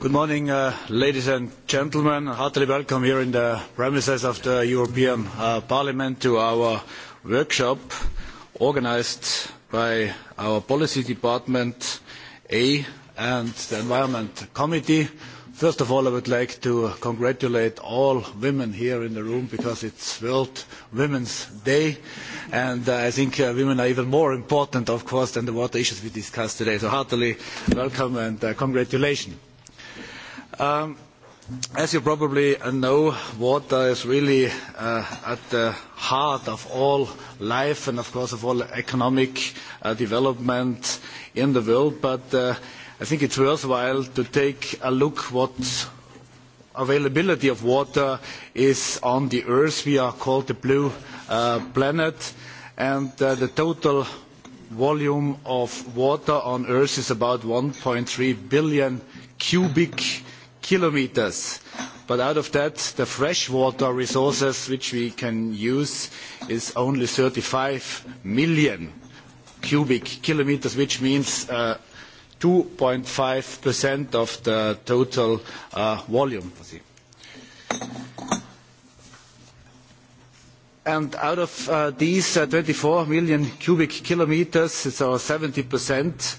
Good morning, uh, ladies and gentlemen. Heartily welcome here in the premises of the European uh, Parliament to our workshop organized by our Policy Department A and the Environment Committee. First of all, I would like to congratulate all women here in the room because it's World Women's Day. And uh, I think uh, women are even more important, of course, than the water issues we discussed today. So heartily welcome and uh, congratulations. Um, as you probably know, water is really uh, at the heart of all life and, of course, of all economic uh, development in the world. But uh, I think it's worthwhile to take a look what availability of water is on the Earth. We are called the blue uh, planet, and uh, the total volume of water on Earth is about 1.3 billion cubic kilometers. But out of that, the freshwater resources which we can use is only 35 million cubic kilometers, which means uh, 2.5% of the total uh, volume. And out of uh, these uh, 24 million cubic kilometers, it's our 70%,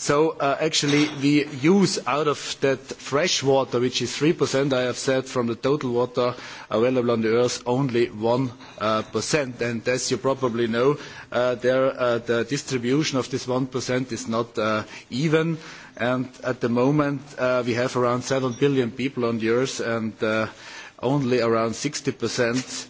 So uh, actually the use out of that fresh water, which is 3%, I have said, from the total water available on the earth, only 1%. Uh, percent. And as you probably know, uh, there, uh, the distribution of this 1% is not uh, even. And at the moment, uh, we have around 7 billion people on the earth and uh, only around 60%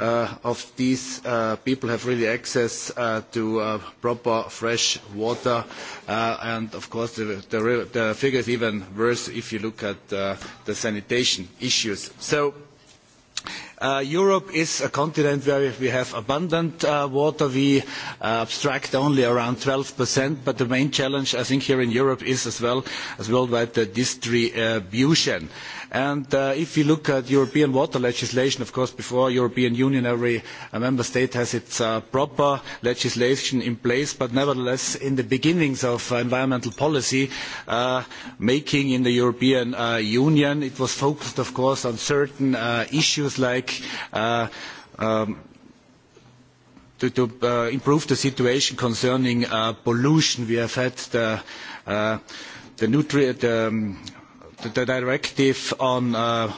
uh, of these uh, people have really access uh, to uh, proper fresh water. Uh, and of course, the, the, the figure is even worse if you look at uh, the sanitation issues. So. Uh, Europe is a continent where we have abundant uh, water. We uh, abstract only around 12%, but the main challenge, I think, here in Europe is as well as worldwide the uh, distribution. Uh, And uh, if you look at European water legislation, of course, before European Union, every uh, member state has its uh, proper legislation in place, but nevertheless, in the beginnings of uh, environmental policy uh, making in the European uh, Union, it was focused, of course, on certain uh, issues like uh, um, to, to uh, improve the situation concerning uh, pollution. We have had the, uh, the nutrient, um, the directive on, uh,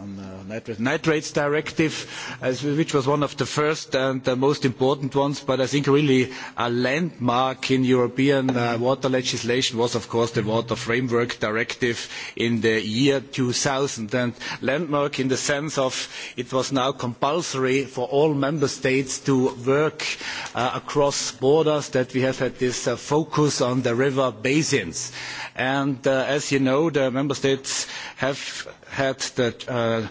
on uh, nitrates, nitrates directive, as, which was one of the first and the most important ones, but I think really a landmark in European uh, water legislation was, of course, the Water Framework Directive in the year 2000. And landmark in the sense of it was now compulsory for all member states to work uh, across borders, that we have had this uh, focus on the river basins. And uh, as you know, the member states have had the uh,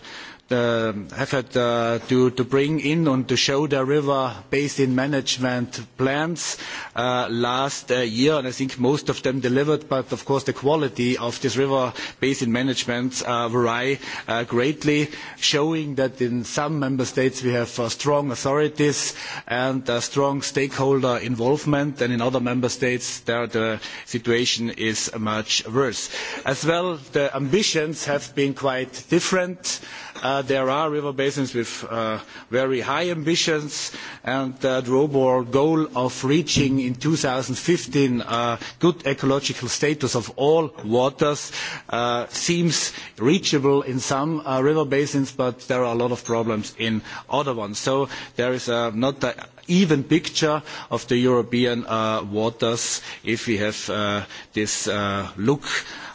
uh, effort uh, to, to bring in and to show the river basin management plans uh, last uh, year, and I think most of them delivered, but of course the quality of this river basin management uh, vary uh, greatly, showing that in some member states we have uh, strong authorities and uh, strong stakeholder involvement, and in other member states there the situation is much worse. As well, the ambitions have been quite different. Uh, Uh, there are river basins with uh, very high ambitions, and uh, the overall goal of reaching in 2015 uh, good ecological status of all waters uh, seems reachable in some uh, river basins, but there are a lot of problems in other ones. So there is uh, not an even picture of the European uh, waters if we have uh, this uh, look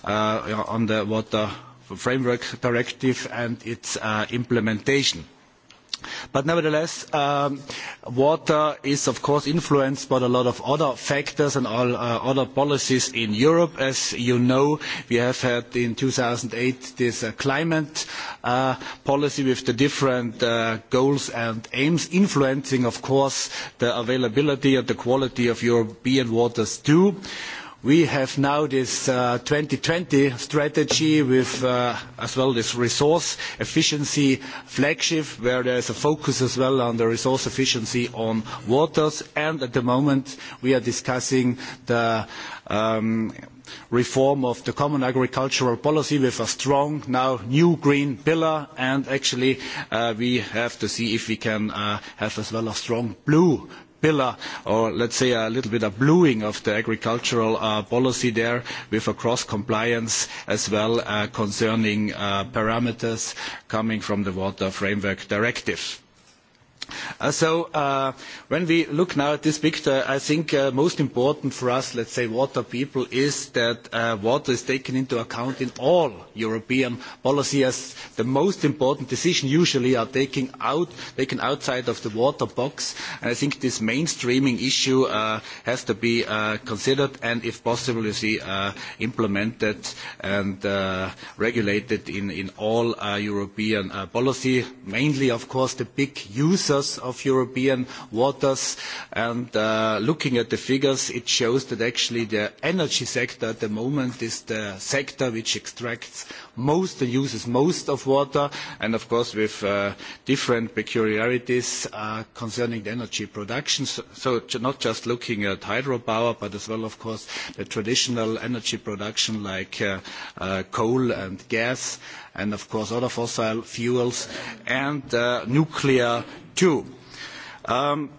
uh, on the water framework directive and its uh, implementation. But nevertheless, um, water is of course influenced by a lot of other factors and all, uh, other policies in Europe. As you know, we have had in 2008 this uh, climate uh, policy with the different uh, goals and aims influencing, of course, the availability and the quality of European waters too. Uh, We have now this uh, 2020 strategy with uh, as well this resource efficiency flagship, where there's a focus as well on the resource efficiency on waters. And at the moment, we are discussing the um, reform of the common agricultural policy with a strong now new green pillar and actually uh, we have to see if we can uh, have as well a strong blue pillar or let's say a little bit of bluing of the agricultural uh, policy there with a cross compliance as well uh, concerning uh, parameters coming from the water framework directive. Uh, so uh, when we look now at this picture, I think uh, most important for us, let's say water people, is that uh, water is taken into account in all European policy as the most important decision usually are taken, out, taken outside of the water box. And I think this mainstreaming issue uh, has to be uh, considered and, if possible, you see, uh, implemented and uh, regulated in, in all uh, European uh, policy, mainly, of course, the big user users of European waters. And uh, looking at the figures, it shows that actually the energy sector at the moment is the sector which extracts most and uses most of water, and of course with uh, different peculiarities uh, concerning the energy production. So, so not just looking at hydropower, but as well, of course, the traditional energy production like uh, uh, coal and gas. Uh, and of course other fossil fuels and uh, nuclear too. Um,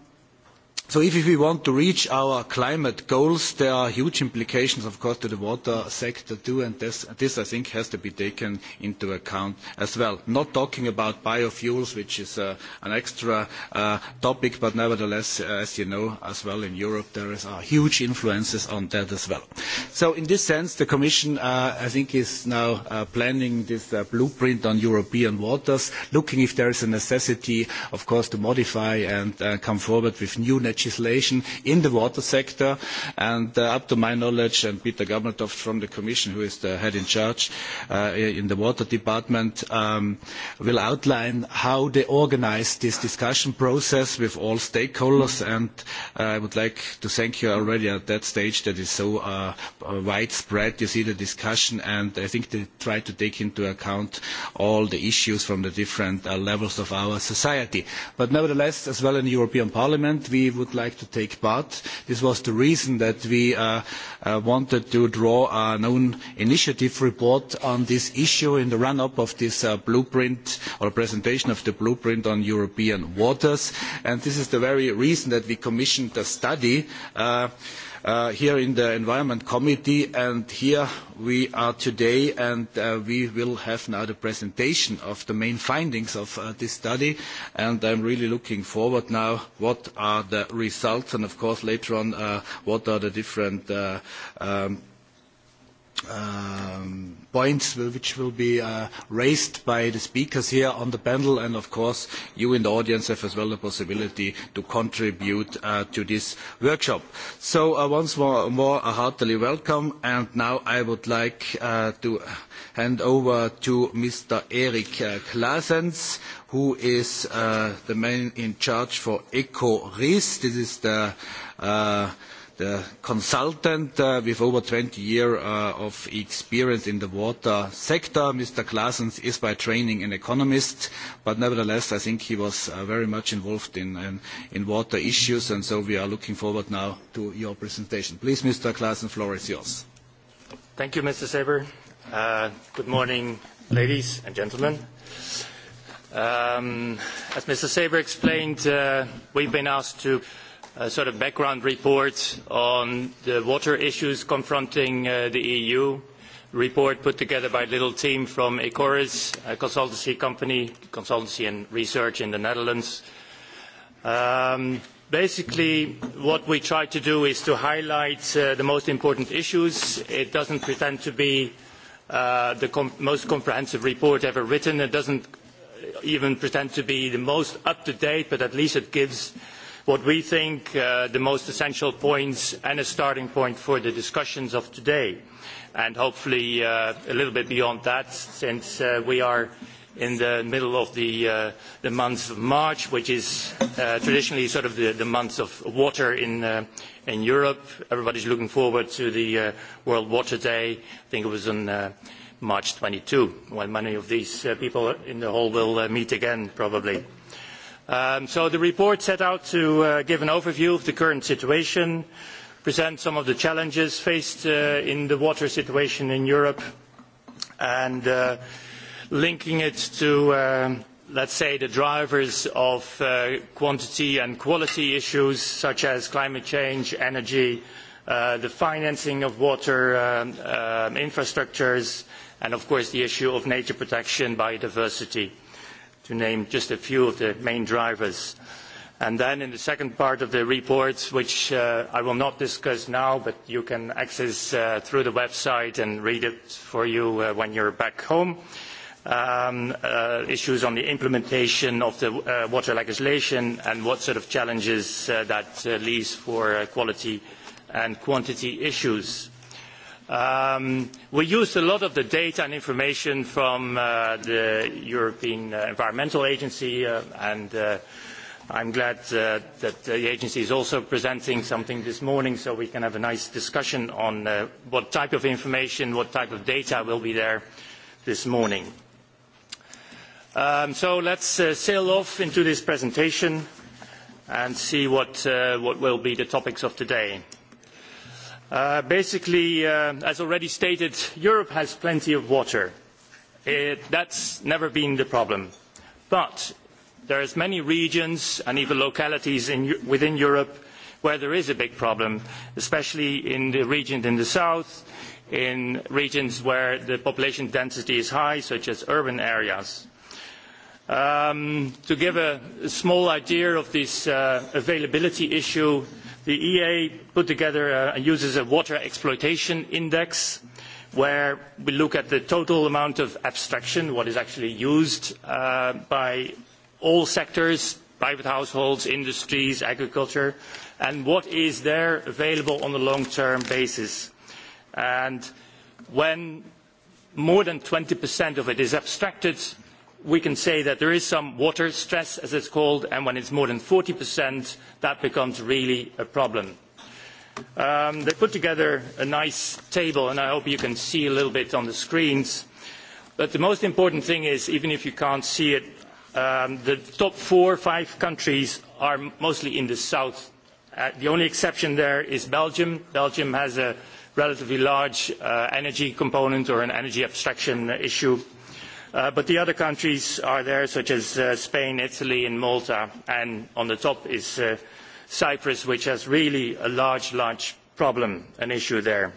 So if, if we want to reach our climate goals, there are huge implications, of course, to the water sector too, and this, this I think, has to be taken into account as well. Not talking about biofuels, which is uh, an extra uh, topic, but nevertheless, uh, as you know, as well in Europe, there is, are uh, huge influences on that as well. So in this sense, the Commission, uh, I think, is now uh, planning this uh, blueprint on European waters, looking if there is a necessity, of course, to modify and uh, come forward with new legislation in the water sector. And uh, up to my knowledge, and Peter Gabertoft from the Commission, who is the head in charge uh, in the water department, um, will outline how they organize this discussion process with all stakeholders. Mm-hmm. And uh, I would like to thank you already at that stage that is so uh, uh, widespread. You see the discussion, and I think they try to take into account all the issues from the different uh, levels of our society. But nevertheless, as well in the European Parliament, we would would like to take part. This was the reason that we uh, uh, wanted to draw an own initiative report on this issue in the run-up of this uh, blueprint or presentation of the blueprint on European waters. And this is the very reason that we commissioned a study uh, uh, here in the Environment Committee, and here we are today, and uh, we will have now the presentation of the main findings of uh, this study, and I'm really looking forward now what are the results, and of course later on uh, what are the different uh, um, um, points which will be uh, raised by the speakers here on the panel and of course you in the audience have as well the possibility to contribute uh, to this workshop. So uh, once more, more uh, heartily welcome and now I would like uh, to hand over to Mr. Erik uh, Klaasens who is uh, the man in charge for ECORIS. This is the uh, the uh, consultant uh, with over 20 years uh, of experience in the water sector. Mr. Claessens is by training an economist, but nevertheless, I think he was uh, very much involved in, in, in water issues, and so we are looking forward now to your presentation. Please, Mr. Claessens, floor is yours. Thank you, Mr. Seber. Uh, good morning, ladies and gentlemen. Um, as Mr. Saber explained, uh, we've been asked to uh, uh, sort of background report on the water issues confronting uh, the EU, report put together by a little team from Ecoris, a consultancy company, consultancy and research in the Netherlands. Um, basically, what we try to do is to highlight uh, the most important issues. It doesn't pretend to be uh, the com most comprehensive report ever written. It doesn't even pretend to be the most up-to-date, but at least it gives uh, what we think uh, the most essential points and a starting point for the discussions of today and hopefully uh, a little bit beyond that since uh, we are in the middle of the, uh, the month of March, which is uh, traditionally sort of the, the month of water in, uh, in Europe. Everybody's looking forward to the uh, World Water Day. I think it was on uh, March 22, when many of these uh, people in the hall will uh, meet again, probably. Um, so the report set out to uh, give an overview of the current situation, present some of the challenges faced uh, in the water situation in Europe, and uh, linking it to, uh, let's say, the drivers of uh, quantity and quality issues such as climate change, energy, uh, the financing of water um, uh, infrastructures, and of course the issue of nature protection, biodiversity. Uh, to name just a few of the main drivers. And then in the second part of the report, which uh, I will not discuss now, but you can access uh, through the website and read it for you uh, when you're back home, um, uh, issues on the implementation of the uh, water legislation and what sort of challenges uh, that uh, leaves for uh, quality and quantity issues. Um, we used a lot of the data and information from uh, the European uh, Environmental Agency, uh, and uh, I'm glad uh, that the agency is also presenting something this morning so we can have a nice discussion on uh, what type of information, what type of data will be there this morning. Um, so let's uh, sail off into this presentation and see what, uh, what will be the topics of today. Uh, basically, uh, as already stated, Europe has plenty of water. It, uh, that's never been the problem. But there are many regions and even localities in, within Europe where there is a big problem, especially in the regions in the south, in regions where the population density is high, such as urban areas. Um, to give a, a small idea of this uh, availability issue, the ea put together and uses a water exploitation index where we look at the total amount of abstraction what is actually used uh, by all sectors private households industries agriculture and what is there available on a long term basis. And when more than twenty of it is abstracted we can say that there is some water stress, as it's called, and when it's more than 40%, that becomes really a problem. Um, they put together a nice table, and I hope you can see a little bit on the screens. But the most important thing is, even if you can't see it, um, the top four or five countries are mostly in the south. Uh, the only exception there is Belgium. Belgium has a relatively large uh, energy component or an energy abstraction issue Uh, but the other countries are there, such as uh, Spain, Italy, and Malta. And on the top is uh, Cyprus, which has really a large, large problem, an issue there.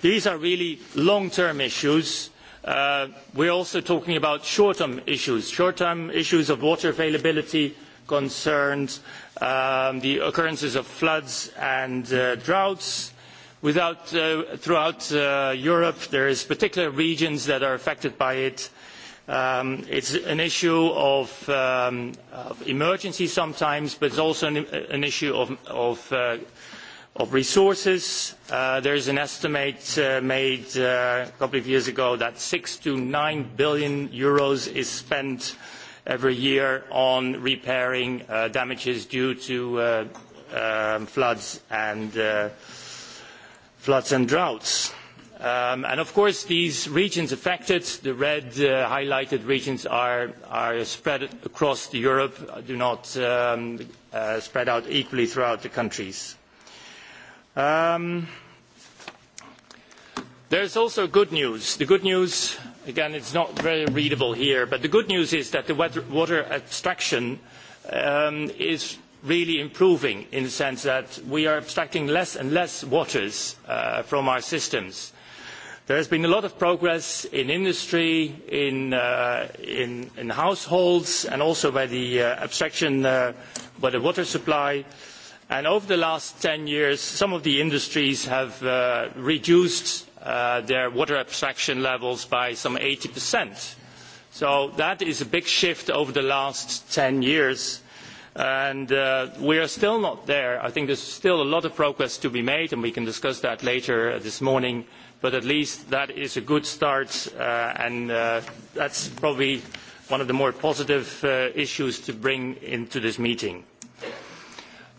These are really long-term issues. Uh, we're also talking about short-term issues, short-term issues of water availability concerns, um, the occurrences of floods and uh, droughts, Without, uh, throughout uh, Europe, there is particular regions that are affected by it. Um, it's an issue of, um, of emergency sometimes, but it's also an, an issue of, of, uh, of resources. Uh, there is an estimate uh, made uh, a couple of years ago that 6 to 9 billion euros is spent every year on repairing uh, damages due to uh, um, uh, floods and uh, floods and droughts. Um, and of course, these regions affected, the red uh, highlighted regions, are, are spread across Europe, uh, do not um, uh, spread out equally throughout the countries. Um, there is also good news. The good news, again, it's not very readable here, but the good news is that the water abstraction um, is really improving in the sense that we are abstracting less and less waters uh, from our systems. There has been a lot of progress in industry, in, uh, in, in households, and also by the uh, abstraction, uh, by the water supply. And over the last 10 years, some of the industries have uh, reduced uh, their water abstraction levels by some 80%. So that is a big shift over the last 10 years and uh, we are still not there. I think there's still a lot of progress to be made, and we can discuss that later uh, this morning, but at least that is a good start, uh, and uh, that's probably one of the more positive uh, issues to bring into this meeting.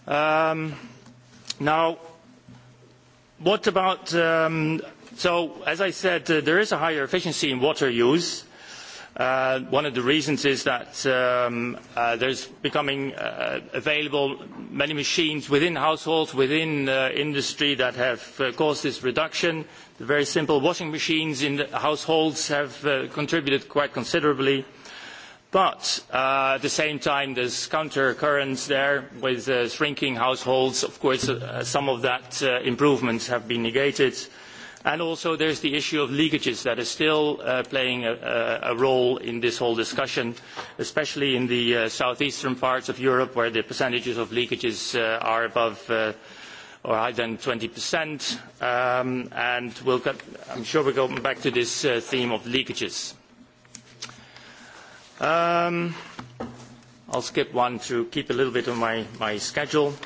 Um, now, what about... Um, so, as I said, uh, there is a higher efficiency in water use, Uh, one of the reasons is that um, uh, there's becoming uh, available many machines within households, within uh, industry that have uh, caused this reduction. The very simple washing machines in the households have uh, contributed quite considerably. But uh, at the same time, there's counter currents there with uh, shrinking households. Of course, uh, some of that uh, improvements have been negated. Uh, and also there is the issue of leakages that is still uh, playing a, a role in this whole discussion especially in the uh, southeastern parts of europe where the percentages of leakages uh, are above uh, or higher than 20%, um, and we'll get, I'm sure we're going back to this uh, theme of leakages. Um, I'll skip one to keep a little bit on my, my schedule. Uh,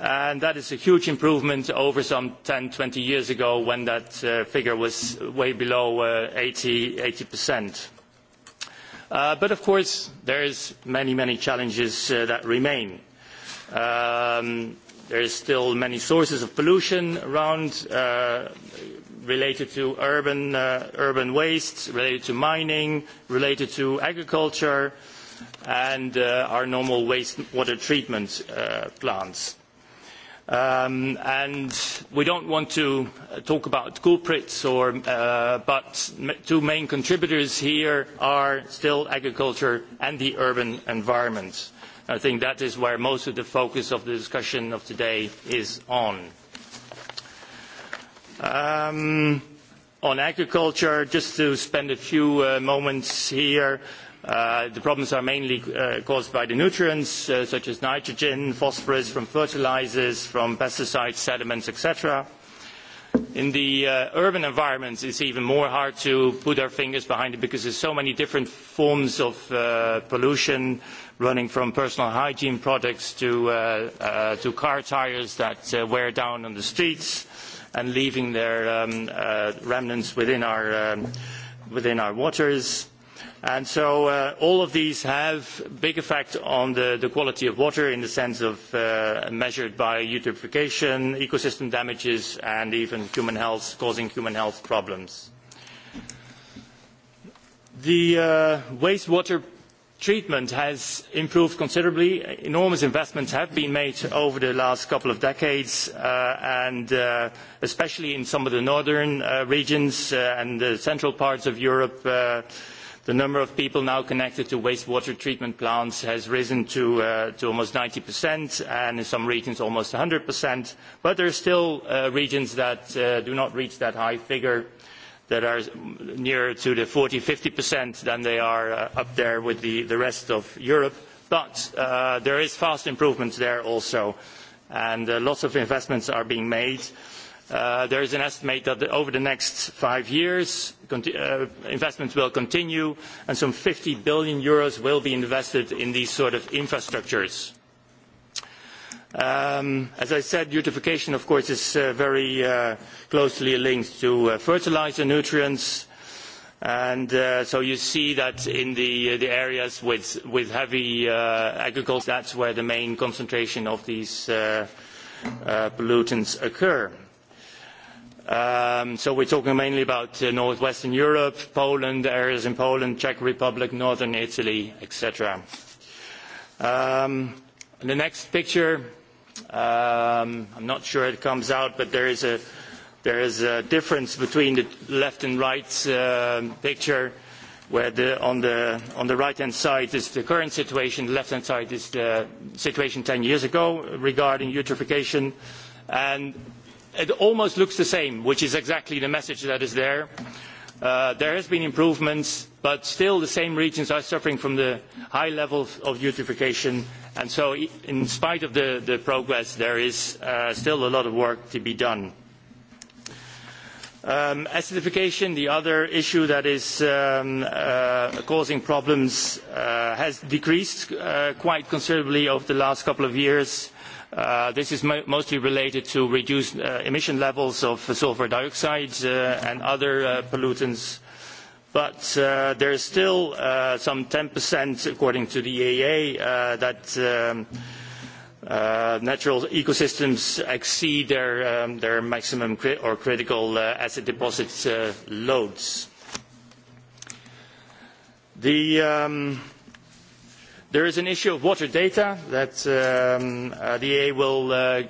and that is a huge improvement over some 10, 20 years ago when that uh, figure was way below uh, 80, 80%. Uh, but of course, there is many, many challenges uh, that remain. Um, there is still many sources of pollution around uh, related to urban, uh, urban waste, related to mining, related to agriculture, and uh, our normal wastewater treatment uh, plants. Um, and we don't want to uh, talk about culprits, or, uh, but two main contributors here are still agriculture and the urban environment. I think that is where most of the focus of the discussion of today is on. Um, on agriculture, just to spend a few uh, moments here, uh, Uh, the problems are mainly uh, caused by the nutrients uh, such as nitrogen, phosphorus from fertilizers, from pesticides, sediments, etc. In the uh, urban environments, it's even more hard to put our fingers behind it because there's so many different forms of uh, pollution running from personal hygiene products to, uh, uh, to car tires that uh, wear down on the streets and leaving their um, uh, remnants within our, um, within our waters And so uh, all of these have a big effect on the, the quality of water in the sense of uh, measured by eutrophication, ecosystem damages, and even human health, causing human health problems. The uh, wastewater treatment has improved considerably. Enormous investments have been made over the last couple of decades, uh, and uh, especially in some of the northern uh, regions uh, and the central parts of Europe, uh, the number of people now connected to wastewater treatment plants has risen to, uh, to almost 90% and in some regions almost 100%, but there are still uh, regions that uh, do not reach that high figure that are nearer to the 40-50% than they are uh, up there with the, the rest of Europe. But uh, there is fast improvements there also, and uh, lots of investments are being made. Uh, Uh, there is an estimate that over the next five years, uh, investments will continue, and some 50 billion euros will be invested in these sort of infrastructures. Um, as I said, eutrophication, of course, is uh, very uh, closely linked to uh, fertilizer nutrients. And, uh, so you see that in the, the areas with, with heavy agriculture, that's where the main concentration of these pollutants occur. Um, so we are talking mainly about uh, north western europe poland areas in poland czech republic northern italy etc. Um, the next picture um, i am not sure it comes out but there is a, there is a difference between the left and right uh, picture where the, on, the, on the right hand side is the current situation the left hand side is the situation ten years ago regarding eutrophication and it almost looks the same which is exactly the message that is there. Uh, there have been improvements but still the same regions are suffering from the high level of eutrophication and so in spite of the, the progress there is uh, still a lot of work to be done. Um, acidification, the other issue that is um, uh, causing problems, uh, has decreased uh, quite considerably over the last couple of years Uh, this is mo mostly related to reduced uh, emission levels of sulfur dioxide uh, and other uh, pollutants. But uh, there is still uh, some 10%, according to the EAA, uh, that um, uh, natural ecosystems exceed their, um, their maximum cri or critical uh, acid deposit uh, loads. The... Um, There is an issue of water data that um, uh, the EA will uh,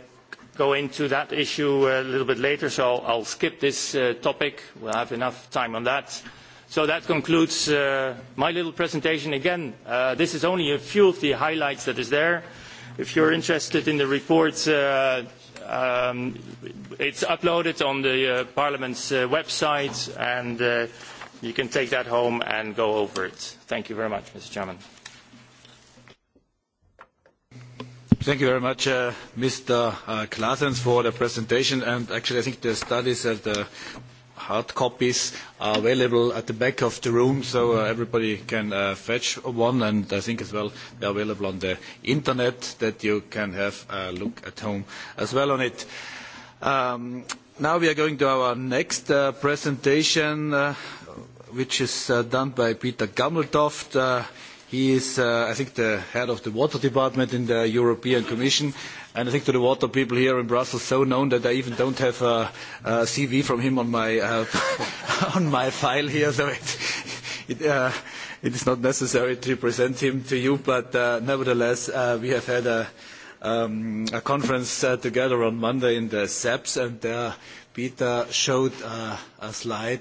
go into that issue a little bit later, so I'll skip this uh, topic. We'll have enough time on that. So that concludes uh, my little presentation. Again, uh, this is only a few of the highlights that is there. If you're interested in the report, uh, um, it's uploaded on the uh, Parliament's uh, website, and uh, you can take that home and go over it. Thank you very much, Mr. Chairman. Thank you very much, uh, Mr. Claessens, uh, for the presentation. And actually, I think the studies and the hard copies are available at the back of the room, so uh, everybody can uh, fetch one. And I think as well, they're available on the internet, that you can have a look at home as well on it. Um, now we are going to our next uh, presentation, uh, which is done by Peter Gammeltoft He is, uh, I think, the head of the water department in the European Commission. And I think to the water people here in Brussels, so known that I even don't have a, a CV from him on my uh, on my file here. So it, it, uh, it is not necessary to present him to you. But uh, nevertheless, uh, we have had a, um, a conference uh, together on Monday in the SEPS, e and there uh, Peter showed uh, a slide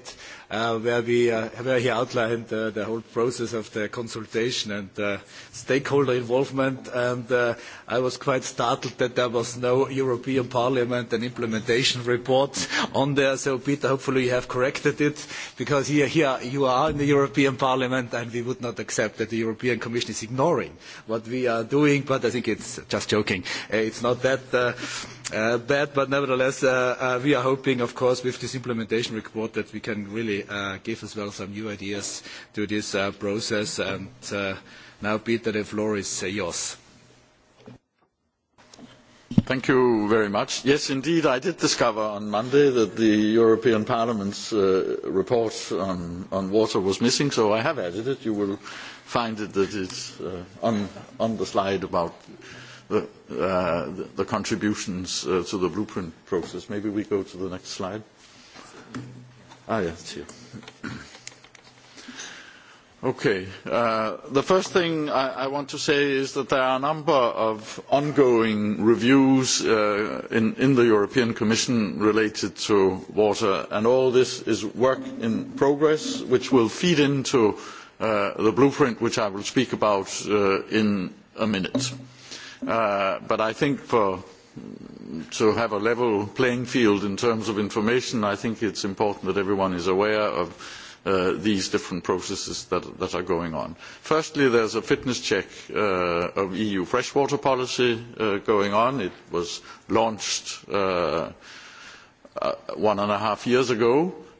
uh, where, we, uh, where he outlined uh, the whole process of the consultation and uh, stakeholder involvement. And uh, I was quite startled that there was no European Parliament and implementation report on there. So, Peter, hopefully you have corrected it, because here, here you are in the European Parliament, and we would not accept that the European Commission is ignoring what we are doing. But I think it's just joking. Uh, it's not that. Uh, uh, bad, but nevertheless, uh, uh, we are hoping, of course, with this implementation report that we can really really uh, give as well some new ideas to this uh, process. And uh, now, Peter, the floor is uh, yours. Thank you very much. Yes, indeed, I did discover on Monday that the European Parliament's uh, report on, on water was missing, so I have added it. You will find it that it's uh, on, on the slide about the, uh, the contributions uh, to the blueprint process. Maybe we go to the next slide. Thank you. Ah, yeah, it's here. Okay. Uh, the first thing I, I want to say is that there are a number of ongoing reviews uh, in, in the European Commission related to water, and all this is work in progress, which will feed into uh, the blueprint, which I will speak about uh, in a minute. Uh, but I think for to have a level playing field in terms of information, I think it's important that everyone is aware of uh, these different processes that, that are going on. Firstly, there's a fitness check uh, of EU freshwater policy uh, going on. It was launched uh, uh, one and a half years ago. Uh,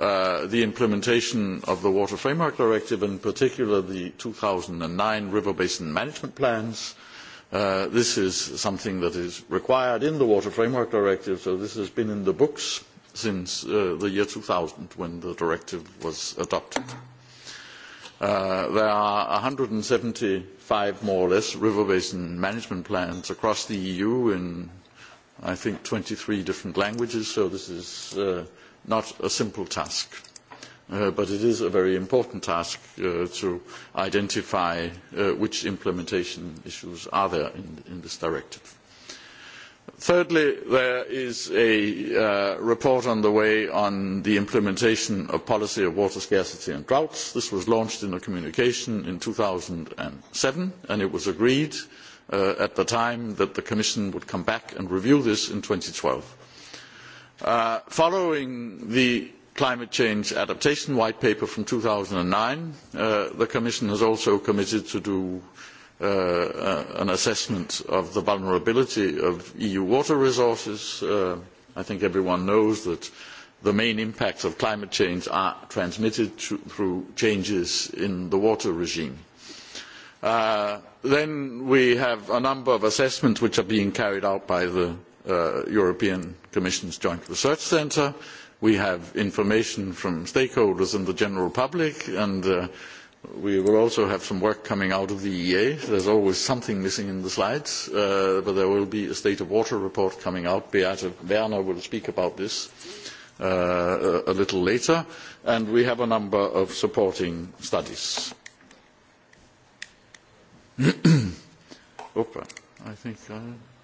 uh, the implementation of the Water Framework Directive, in particular the 2009 River Basin Management Plans. Uh, this is something that is required in the Water Framework Directive, so this has been in the books since uh, the year 2000 when the directive was adopted. Uh, there are 175 more or less river basin management plans across the EU in, I think, 23 different languages, so this is uh, not a simple task. Uh, but it is a very important task uh, to identify uh, which implementation issues are there in, in this directive. Thirdly, there is a uh, report on the way on the implementation of policy of water scarcity and droughts. This was launched in a communication in 2007, and it was agreed uh, at the time that the Commission would come back and review this in 2012 Uh, following the climate change adaptation white paper from two thousand and nine uh, the commission has also committed to do uh, uh an assessment of the vulnerability of eu water resources. Uh, i think everyone knows that the main impacts of climate change are transmitted to, through changes in the water regime. Uh, then we have a number of assessments which are being carried out by the uh, European Commission's Joint Research Centre. We have information from stakeholders and the general public, and uh, we will also have some work coming out of the EA. There's always something missing in the slides, uh, but there will be a state of water report coming out. Beate Werner will speak about this uh, a little later, and we have a number of supporting studies. Opa, I think, uh,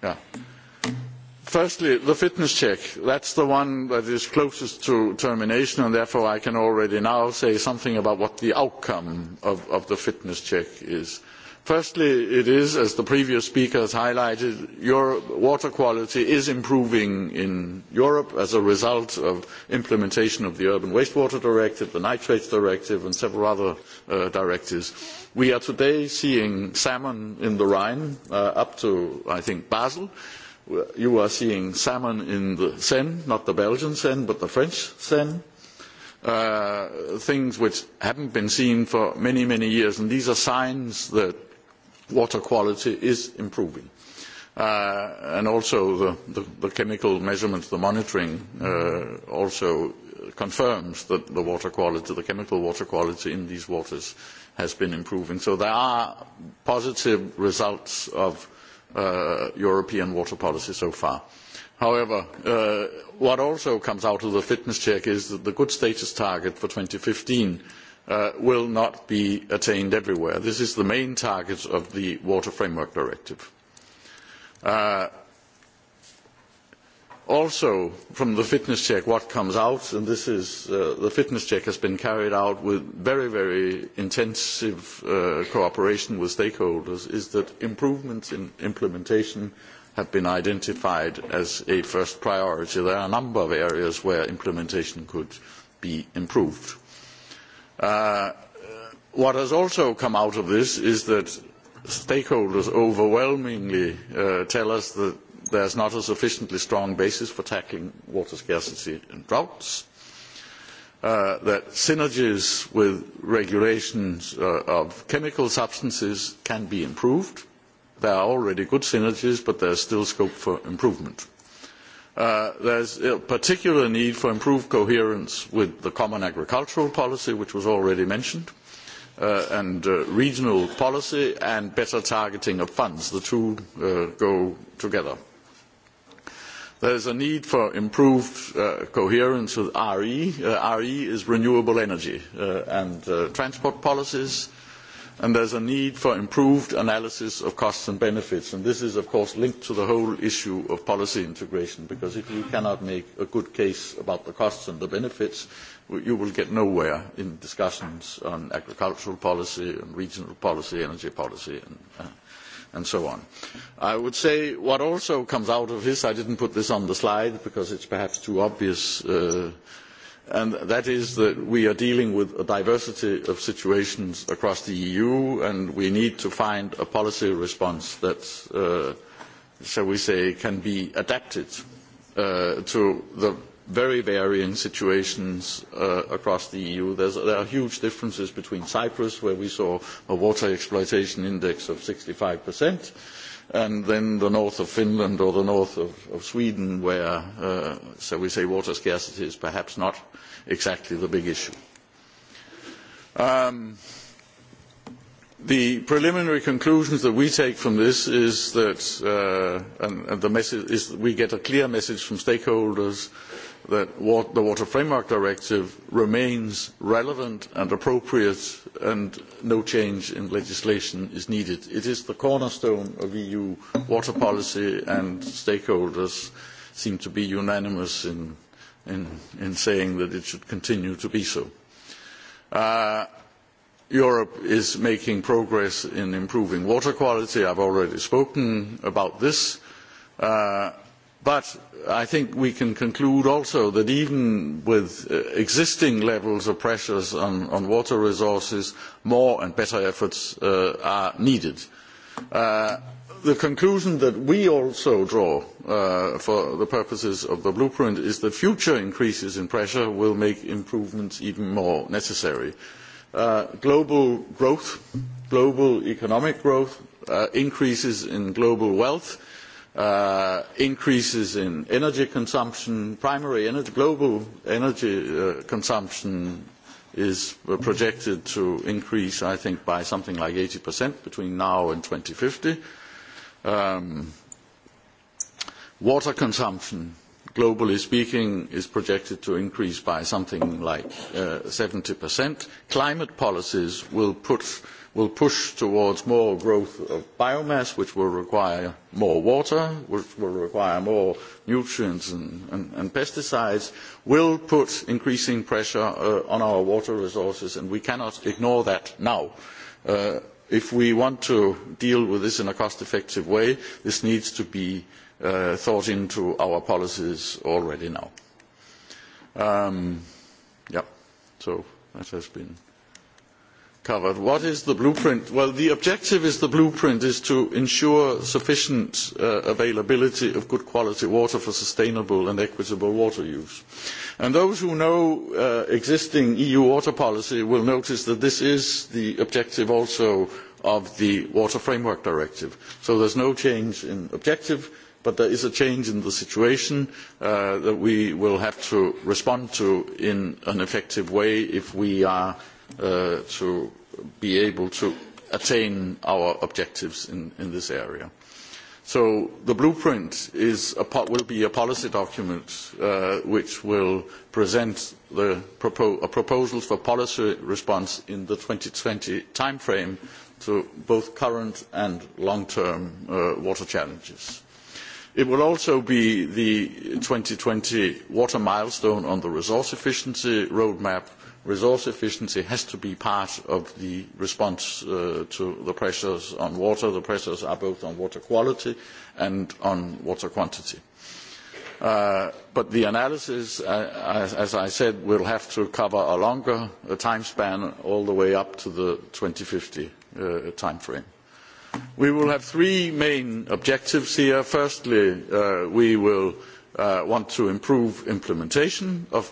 yeah firstly the fitness check that is the one that is closest to termination and therefore i can already now say something about what the outcome of, of the fitness check is. firstly it is as the previous speaker has highlighted europe, water quality is improving in europe as a result of implementation of the urban wastewater directive the nitrates directive and several other uh, directives. we are today seeing salmon in the rhine uh, up to i think basel. Uh, you are seeing salmon in the Seine, not the Belgian Seine, but the French Seine. Uh, things which haven't been seen for many, many years, and these are signs that water quality is improving. Uh, and also the, the, the chemical measurements, the monitoring, uh, also confirms that the water quality, the chemical water quality in these waters has been improving. So there are positive results of uh, European water policy so far. However, uh, what also comes out of the fitness check is that the good status target for 2015 uh, will not be attained everywhere. This is the main target of the Water Framework Directive. Uh, also from the fitness check what comes out and this is uh, the fitness check has been carried out with very very intensive uh, cooperation with stakeholders is that improvements in implementation have been identified as a first priority there are a number of areas where implementation could be improved uh, what has also come out of this is that stakeholders overwhelmingly uh, tell us that there is not a sufficiently strong basis for tackling water scarcity and droughts; uh, that synergies with regulations uh, of chemical substances can be improved. There are already good synergies, but there is still scope for improvement. Uh, there is a particular need for improved coherence with the common agricultural policy, which was already mentioned, Uh, and uh, regional policy and better targeting of funds. The two uh, go together there is a need for improved uh, coherence with RE. Uh, RE is renewable energy uh, and uh, transport policies, and there's a need for improved analysis of costs and benefits. And this is, of course, linked to the whole issue of policy integration, because if you cannot make a good case about the costs and the benefits, you will get nowhere in discussions on agricultural policy and regional policy, energy policy, and uh, and so on. I would say what also comes out of this, I didn't put this on the slide because it's perhaps too obvious, uh, and that is that we are dealing with a diversity of situations across the EU and we need to find a policy response that, uh, shall we say, can be adapted uh, to the very varying situations uh, across the EU. There's, there are huge differences between Cyprus, where we saw a water exploitation index of 65%, and then the north of Finland or the north of, of Sweden, where, uh, so we say, water scarcity is perhaps not exactly the big issue. Um, the preliminary conclusions that we take from this is that, uh, and, and the message is that we get a clear message from stakeholders uh, that what the Water Framework Directive remains relevant and appropriate and no change in legislation is needed. It is the cornerstone of EU water policy and stakeholders seem to be unanimous in, in, in saying that it should continue to be so. Uh, Europe is making progress in improving water quality. I've already spoken about this. Uh, But I think we can conclude also that even with uh, existing levels of pressures on, on water resources, more and better efforts uh, are needed. Uh, the conclusion that we also draw uh, for the purposes of the blueprint is that future increases in pressure will make improvements even more necessary. Uh, global growth, global economic growth, uh, increases in global wealth, uh, uh, increases in energy consumption, primary energy, global energy uh, consumption is projected to increase, I think, by something like 80% between now and 2050. Um, water consumption, globally speaking, is projected to increase by something like uh, 70%. Climate policies will put uh, will push towards more growth of biomass, which will require more water, which will require more nutrients and, and, and pesticides, will put increasing pressure uh, on our water resources, and we cannot ignore that now. Uh, if we want to deal with this in a cost-effective way, this needs to be uh, thought into our policies already now. Um, yeah, so that has been covered. What is the blueprint? Well, the objective is the blueprint is to ensure sufficient uh, availability of good quality water for sustainable and equitable water use. And those who know uh, existing EU water policy will notice that this is the objective also of the Water Framework Directive. So there's no change in objective, but there is a change in the situation uh, that we will have to respond to in an effective way if we are uh, uh, to be able to attain our objectives in, in this area. So the blueprint is a, will be a policy document uh, which will present the propo proposals for policy response in the 2020 timeframe to both current and long-term uh, water challenges. It will also be the 2020 water milestone on the resource efficiency roadmap resource efficiency has to be part of the response uh, to the pressures on water. The pressures are both on water quality and on water quantity. Uh, but the analysis, uh, as, as I said, will have to cover a longer uh, time span all the way up to the 2050 uh, timeframe. We will have three main objectives here. Firstly, uh, we will uh, want to improve implementation of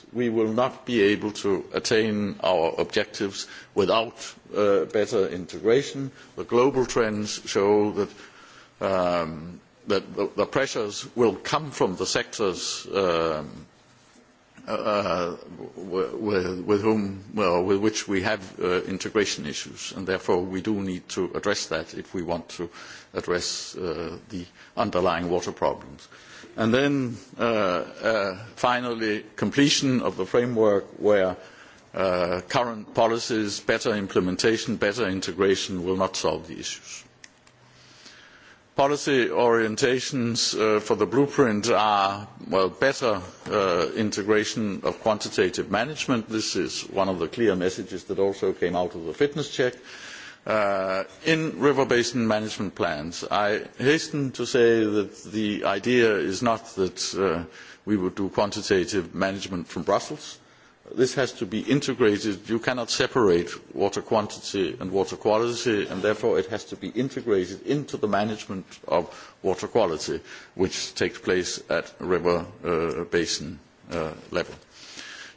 we will not be able to attain our objectives without uh, better integration. The global trends show that, um, that the, the pressures will come from the sectors um, uh, with, uh, with, whom, well, with which we have uh, integration issues, and therefore we do need to address that if we want to address uh, the underlying water problems. Uh, And then uh, uh, finally, completion of the framework where uh, current policies, better implementation, better integration will not solve the issues. Policy orientations uh, for the blueprint are well, better uh, integration of quantitative management. This is one of the clear messages that also came out of the fitness check. Uh, Uh, in river basin management plans, I hasten to say that the idea is not that uh, we would do quantitative management from Brussels. This has to be integrated. You cannot separate water quantity and water quality, and therefore it has to be integrated into the management of water quality, which takes place at river uh, basin uh, level.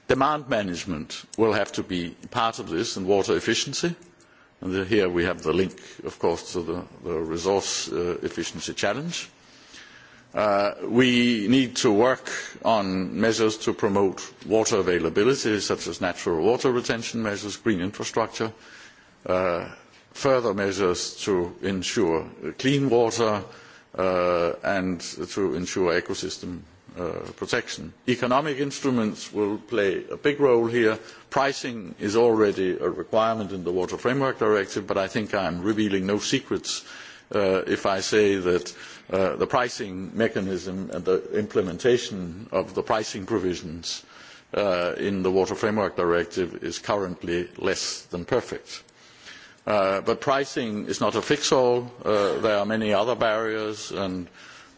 Demand management will have to be part of this, and water efficiency. Uh, And the, here we have the link, of course, to the, the resource uh, efficiency challenge. Uh, we need to work on measures to promote water availability, such as natural water retention measures, green infrastructure, uh, further measures to ensure clean water, uh, and to ensure ecosystem uh, protection. Economic instruments will play a big role here. Pricing is already a requirement in the Water Framework Directive, but I think I'm revealing no secrets uh, if I say that uh, the pricing mechanism and the implementation of the pricing provisions uh, in the Water Framework Directive is currently less than perfect. Uh, but pricing is not a fix-all. Uh, there are many other barriers, and uh,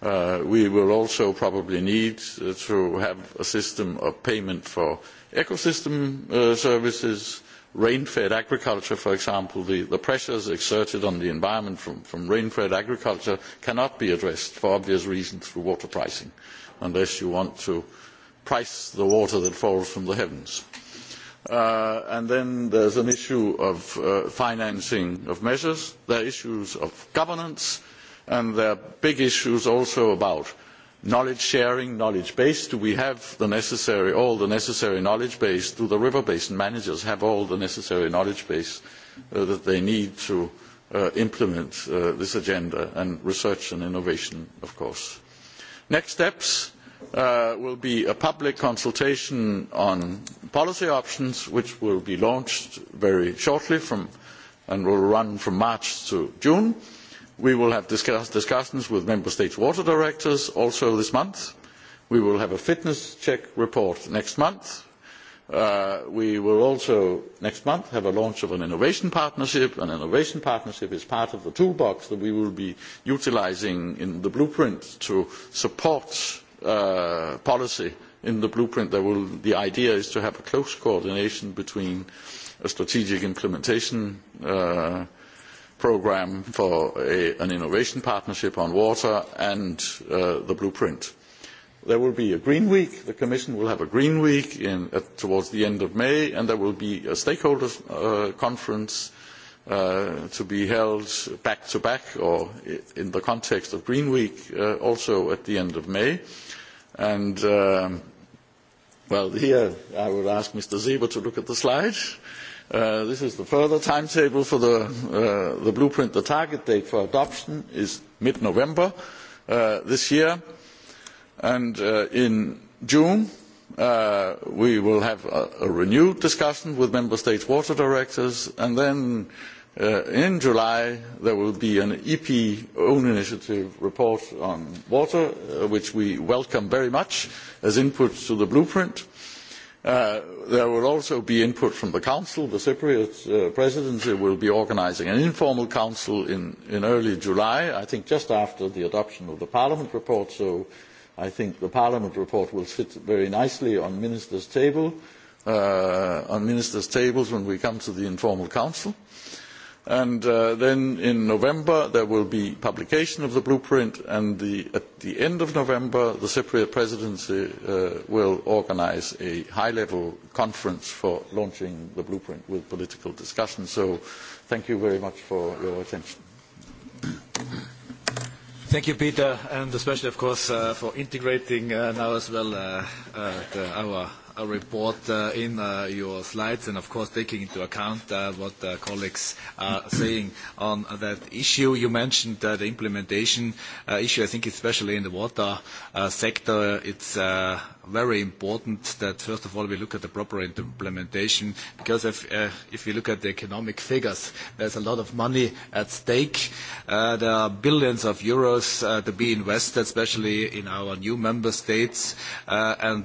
Uh, we will also probably need uh, to have a system of payment for ecosystem uh, services, rain-fed agriculture, for example. The, the pressures exerted on the environment from, from rain-fed agriculture cannot be addressed, for obvious reasons, through water pricing, unless you want to price the water that falls from the heavens. Uh, and then there's an issue of uh, financing of measures. There are issues of governance. Uh, and there are big issues also about knowledge sharing, knowledge base. Do we have the necessary, all the necessary knowledge base? Do the river basin managers have all the necessary knowledge base uh, that they need to uh, implement uh, this agenda and research and innovation, of course? Next steps uh, will be a public consultation on policy options, which will be launched very shortly from, and will run from March to June. Uh, we will have discuss, discussions with member states' water directors also this month. we will have a fitness check report next month. Uh, we will also next month have a launch of an innovation partnership. an innovation partnership is part of the toolbox that we will be utilising in the blueprint to support uh, policy in the blueprint. Will, the idea is to have a close coordination between a strategic implementation uh, programme for a, an innovation partnership on water and uh, the blueprint. There will be a green week. The Commission will have a green week in, at, uh, towards the end of May, and there will be a stakeholders uh, conference uh, to be held back to back or in the context of Green Week uh, also at the end of May. And um, well, here I would ask Mr. Zeber to look at the slide. Uh, Uh, this is the further timetable for the, uh, the blueprint. The target date for adoption is mid-November uh, this year. And uh, in June, uh, we will have a, a renewed discussion with Member States water directors. And then uh, in July, there will be an EP own initiative report on water, uh, which we welcome very much as input to the blueprint. Uh, Uh, there will also be input from the council. the cypriot uh, presidency will be organising an informal council in, in early july, i think just after the adoption of the parliament report. so i think the parliament report will sit very nicely on ministers' table, uh, on ministers' tables when we come to the informal council and uh, then in november there will be publication of the blueprint and the, at the end of november the cypriot presidency uh, will organise a high level conference for launching the blueprint with political discussion so thank you very much for your attention. Thank you, Peter, and especially, of course, uh, for integrating uh, now as well uh, uh, the, our report uh, in uh, your slides and, of course, taking into account uh, what uh, colleagues are saying on that issue. You mentioned uh, the implementation uh, issue. I think especially in the water uh, sector, it's uh, very important that, first of all, we look at the proper implementation because if, uh, if you look at the economic figures, there's a lot of money at stake. Uh, there are billions of euros uh, to be invested, especially in our new member states. Uh, and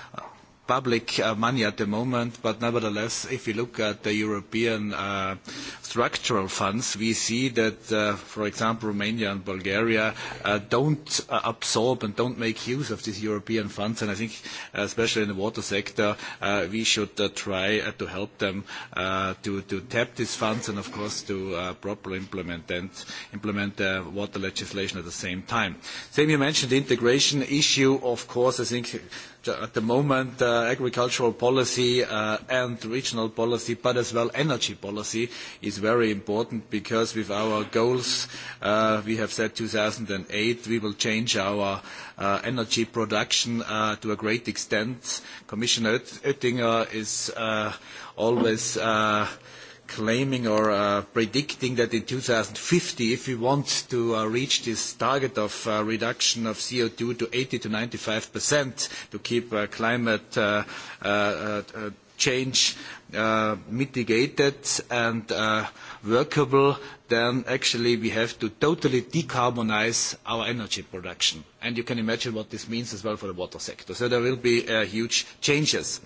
public uh, money at the moment, but nevertheless, if you look at the European uh, structural funds, we see that, uh, for example, Romania and Bulgaria uh, don't uh, absorb and don't make use of these European funds. And I think, uh, especially in the water sector, uh, we should uh, try uh, to help them uh, to, to tap these funds and, of course, to uh, properly implement and implement the water legislation at the same time. Same you mentioned the integration issue. Of course, I think Uh, at the moment uh, agricultural policy uh, and regional policy, but as well energy policy is very important because with our goals uh, we have set 2008, we will change our uh, energy production uh, to a great extent. Commissioner Oettinger is uh, always uh, claiming or uh, predicting that in 2050, if we want to uh, reach this target of uh, reduction of CO2 to 80%-95% to keep uh, climate uh, uh, change mitigated and workable, then actually we have to totally decarbonize our energy production. And you can imagine what this means as well for the water sector. So there will be uh, huge changes.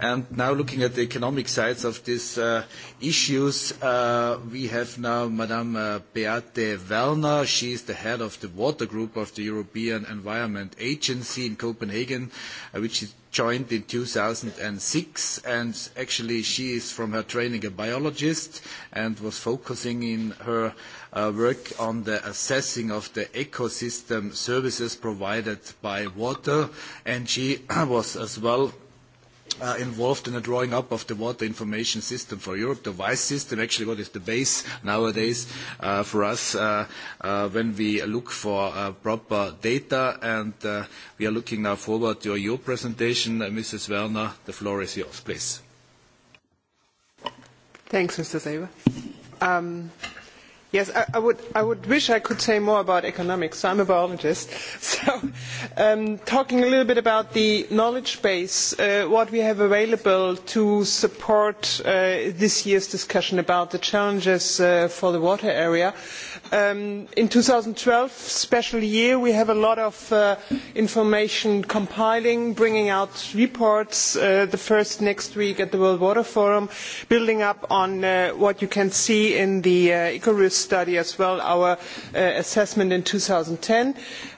And now looking at the economic sides of these uh, issues, uh, we have now Madame uh, Beate Wellner. She is the head of the water group of the European Environment Agency in Copenhagen, uh, which is joined in 2006 and actually she is from her training a biologist and was focusing in her uh, work on the assessing of the ecosystem services provided by water, and she was as well uh, involved in the drawing up of the water information system for Europe, the WISE system, actually what is the base nowadays uh, for us uh, uh, when we look for uh, proper data. And uh, we are looking now forward to your presentation. Uh, Mrs. Werner, the floor is yours, please. Thanks, Mr. Saber. Um, Yes, I, I, would, I would wish I could say more about economics. I'm a biologist. So, um, talking a little bit about the knowledge base, uh, what we have available to support uh, this year's discussion about the challenges uh, for the water area. Uh, um, in 2012 special year we have a lot of uh, information compiling, bringing out reports, uh, the first next week at the World Water Forum, building up on uh, what you can see in the uh, Icarus study as well, our uh, assessment in 2010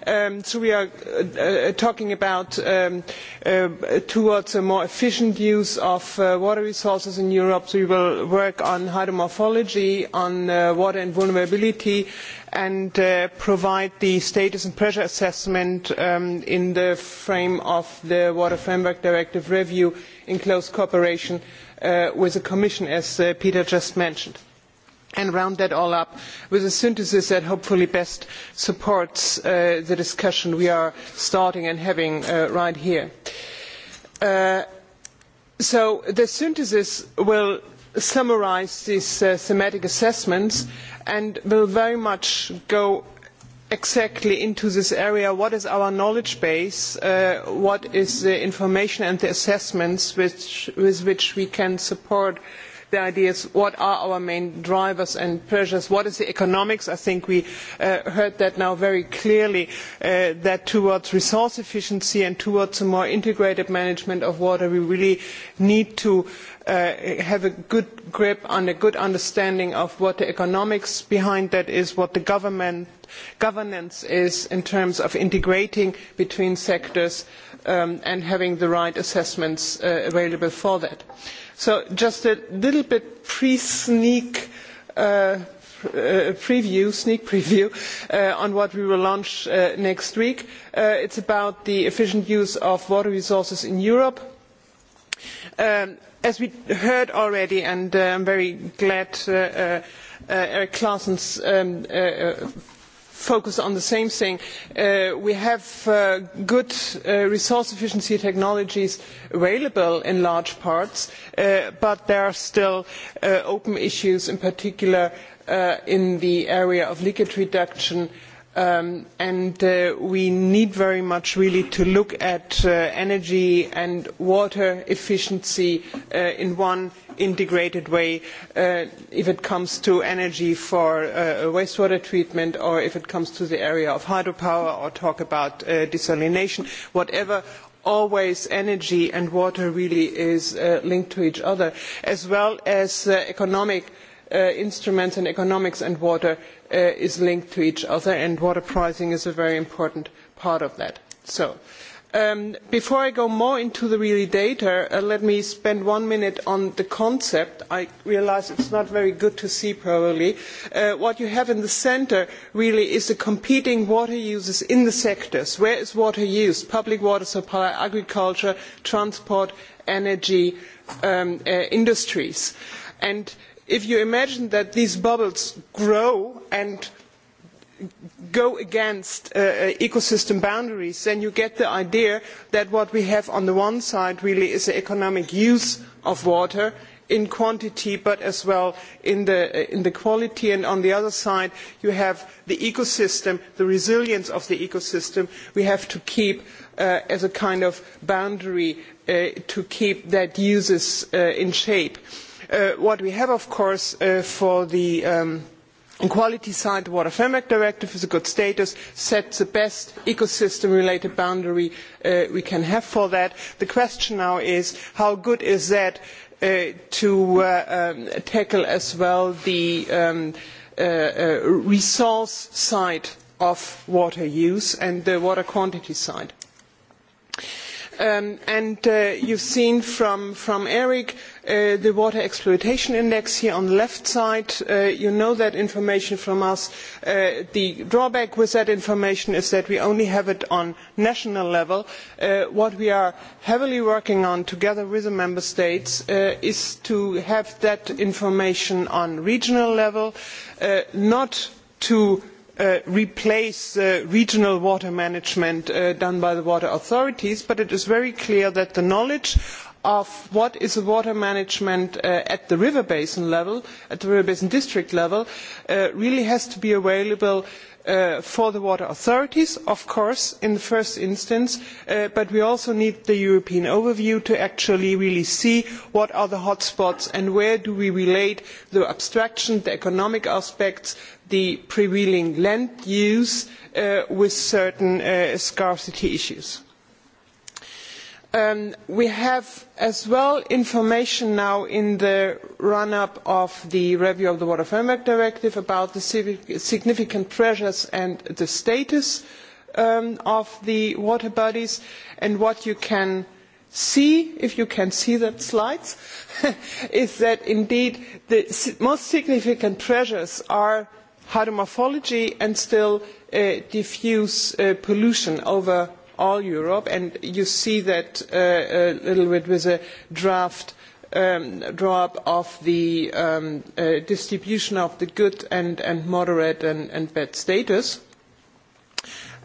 Um, so we are uh, uh, talking about um, uh, towards a more efficient use of uh, water resources in Europe. So we will work on hydromorphology, on uh, water and vulnerability, and uh, provide the status and pressure assessment um, in the frame of the Water Framework Directive review in close cooperation uh, with the Commission, as uh, Peter just mentioned and round that all up with a synthesis that hopefully best supports uh, the discussion we are starting and having uh, right here. Uh, so the synthesis will summarise these uh, thematic assessments and will very much go exactly into this area what is our knowledge base uh, what is the information and the assessments which, with which we can support uh, the idea is what are our main drivers and pressures, what is the economics. I think we uh, heard that now very clearly, uh, that towards resource efficiency and towards a more integrated management of water, we really need to uh, have a good grip and a good understanding of what the economics behind that is, what the government governance is in terms of integrating between sectors um, and having the right assessments uh, available for that. Uh, So just a little bit pre-sneak uh, Uh, preview, sneak preview uh, on what we will launch uh, next week. Uh, it's about the efficient use of water resources in Europe. Um, as we heard already, and uh, I'm very glad uh, Eric Claessen's um, focus on the same thing. Uh, we have uh, good uh, resource efficiency technologies available in large parts, uh, but there are still uh, open issues, in particular uh, in the area of leakage reduction uh, Um, and uh, we need very much really to look at uh, energy and water efficiency uh, in one integrated way uh, if it comes to energy for uh, wastewater treatment or if it comes to the area of hydropower or talk about uh, desalination whatever always energy and water really is linked to each other as well as economic instruments and economics and water uh, is linked to each other and water pricing is a very important part of that. So, um, before I go more into the really data, uh, let me spend one minute on the concept. I realize it's not very good to see probably. Uh, what you have in the center really is the competing water uses in the sectors. Where is water used? Public water supply, agriculture, transport, energy, um, uh, industries. And uh, if you imagine that these bubbles grow and go against uh, uh, ecosystem boundaries then you get the idea that what we have on the one side really is the economic use of water in quantity but as well in the, uh, in the quality and on the other side you have the ecosystem, the resilience of the ecosystem we have to keep uh, as a kind of boundary uh, to keep that uses uh, in shape. Uh, Uh, what we have, of course, uh, for the um, equality side, the Water Framework Directive is a good status, sets the best ecosystem-related boundary uh, we can have for that. The question now is, how good is that uh, to uh, um, tackle as well the um, uh, uh, resource side of water use and the water quantity side? Um, and uh, you've seen from, from Eric uh, the water exploitation index here on the left side. Uh, you know that information from us. Uh, the drawback with that information is that we only have it on national level. Uh, what we are heavily working on together with the member states uh, is to have that information on regional level, uh, not to uh, Uh, replace uh, regional water management uh, done by the water authorities but it is very clear that the knowledge of what is water management uh, at the river basin level at the river basin district level uh, really has to be available uh, for the water authorities of course in the first instance but we also need the european overview to actually really see what are the hot spots and where do we relate the abstraction the economic aspects the prevailing land use uh, with certain uh, scarcity issues. Um, we have as well information now in the run-up of the review of the Water Framework Directive about the significant pressures and the status um, of the water bodies and what you can see, if you can see that slides, is that indeed the most significant pressures are harmofology and still uh, diffuse uh, pollution over all Europe. And you see that uh, a little bit with a draft um, draw up of the um, uh, distribution of the good and, and moderate and, and bad status.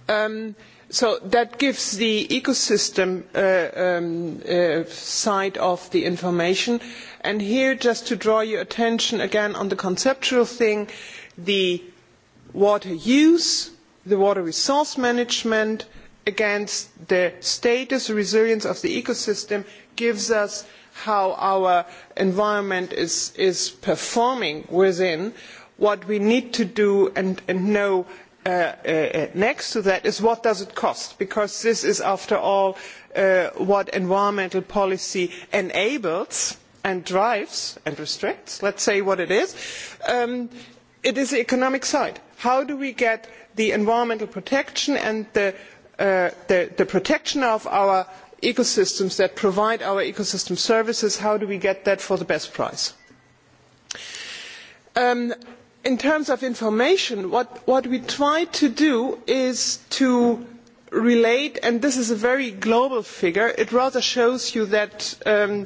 Um, so that gives the ecosystem uh, um, uh, side of the information. And here, just to draw your attention again on the conceptual thing, uh, the water use, the water resource management against the status resilience of the ecosystem gives us how our environment is, is performing within. What we need to do and, and know uh, uh, uh next to that is what does it cost? Because this is, after all, uh, what environmental policy enables and drives and restricts, let's say what it is. Um, it is the economic side. How do we get the environmental protection and the, uh, the, the protection of our ecosystems that provide our ecosystem services, how do we get that for the best price? Um, in terms of information, what, what we try to do is to relate, and this is a very global figure, it rather shows you that um, uh,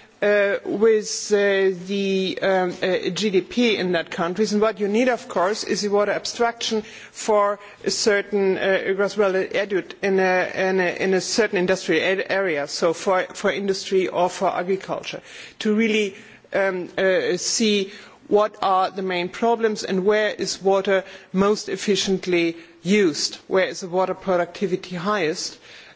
uh, with uh, the um, uh, GDP in that country. And what you need, of course, is the water abstraction for a certain uh, gross well edit in a, in, a, in a certain industrial area, so for, for industry or for agriculture, to really um, uh, see what are the main problems and where is water most efficiently used, where is the water productivity highest. Uh,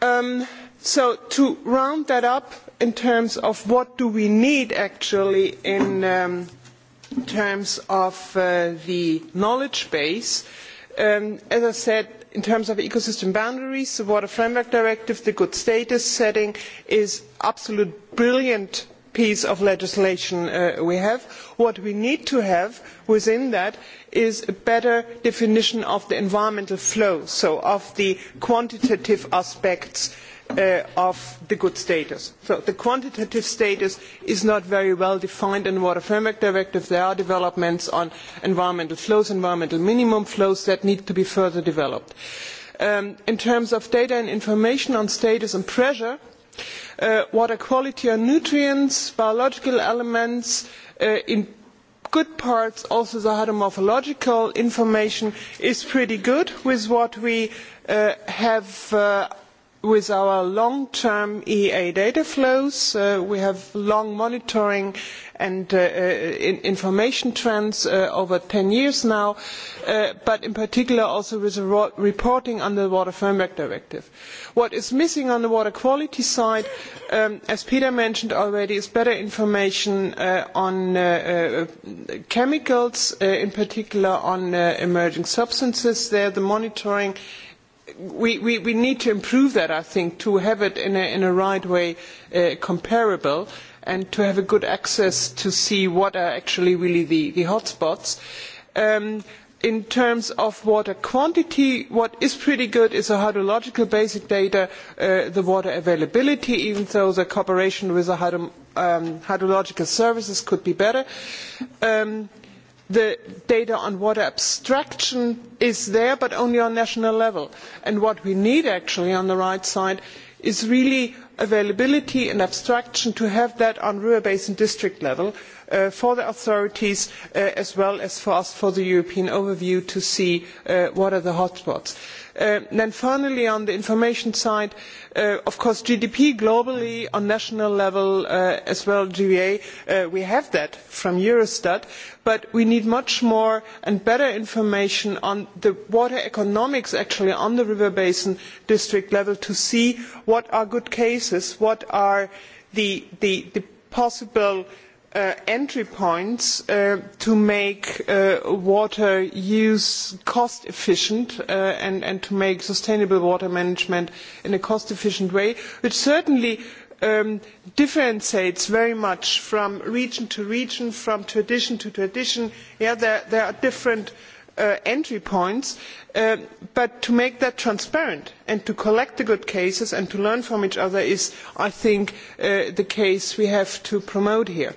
Um, so to round that up in terms of what do we need actually in um, terms of uh, the knowledge base, um, as I said, in terms of ecosystem boundaries, the Water Framework Directive, the good status setting is absolute brilliant piece of legislation uh, we have. What we need to have within that is a better definition of the environmental flow, so of the quantitative aspects uh, of the good status. So the quantitative status is not very well defined in the Water Framework Directive. There are developments on environmental flows, environmental minimum flows that need to be further developed. Um, in terms of data and information on status and pressure, uh, uh, water quality and nutrients, biological elements, uh, in good parts also the hydromorphological information is pretty good with what we uh, have uh, with our long term ea data flows uh, we have long monitoring and uh, uh in information trends uh, over ten years now uh, but in particular also with the reporting under the water framework directive. what is missing on the water quality side um, as peter mentioned already is better information uh, on chemicals in particular on emerging substances there the monitoring is we, we, we need to improve that, I think, to have it in a, in a right way uh, comparable and to have a good access to see what are actually really the, the hotspots. Um, in terms of water quantity, what is pretty good is the hydrological basic data, uh, the water availability, even though the cooperation with the hydro, um, hydrological services could be better. Um, the data on water abstraction is there but only on national level and what we need actually on the right side is really availability and abstraction to have that on river basin district level uh, for the authorities uh, as well as for us for the european overview to see uh, what are the hotspots. Uh, Uh, then finally on the information side uh, of course gdp globally on national level uh, as well gva uh, we have that from eurostat but we need much more and better information on the water economics actually on the river basin district level to see what are good cases what are the, the, the possible uh, uh, entry points uh, to make uh, water use cost efficient uh, and, and to make sustainable water management in a cost efficient way, which certainly um, differentiates very much from region to region, from tradition to tradition. Yeah, there, there are different uh, entry points, uh, but to make that transparent and to collect the good cases and to learn from each other is, I think, uh, the case we have to promote here.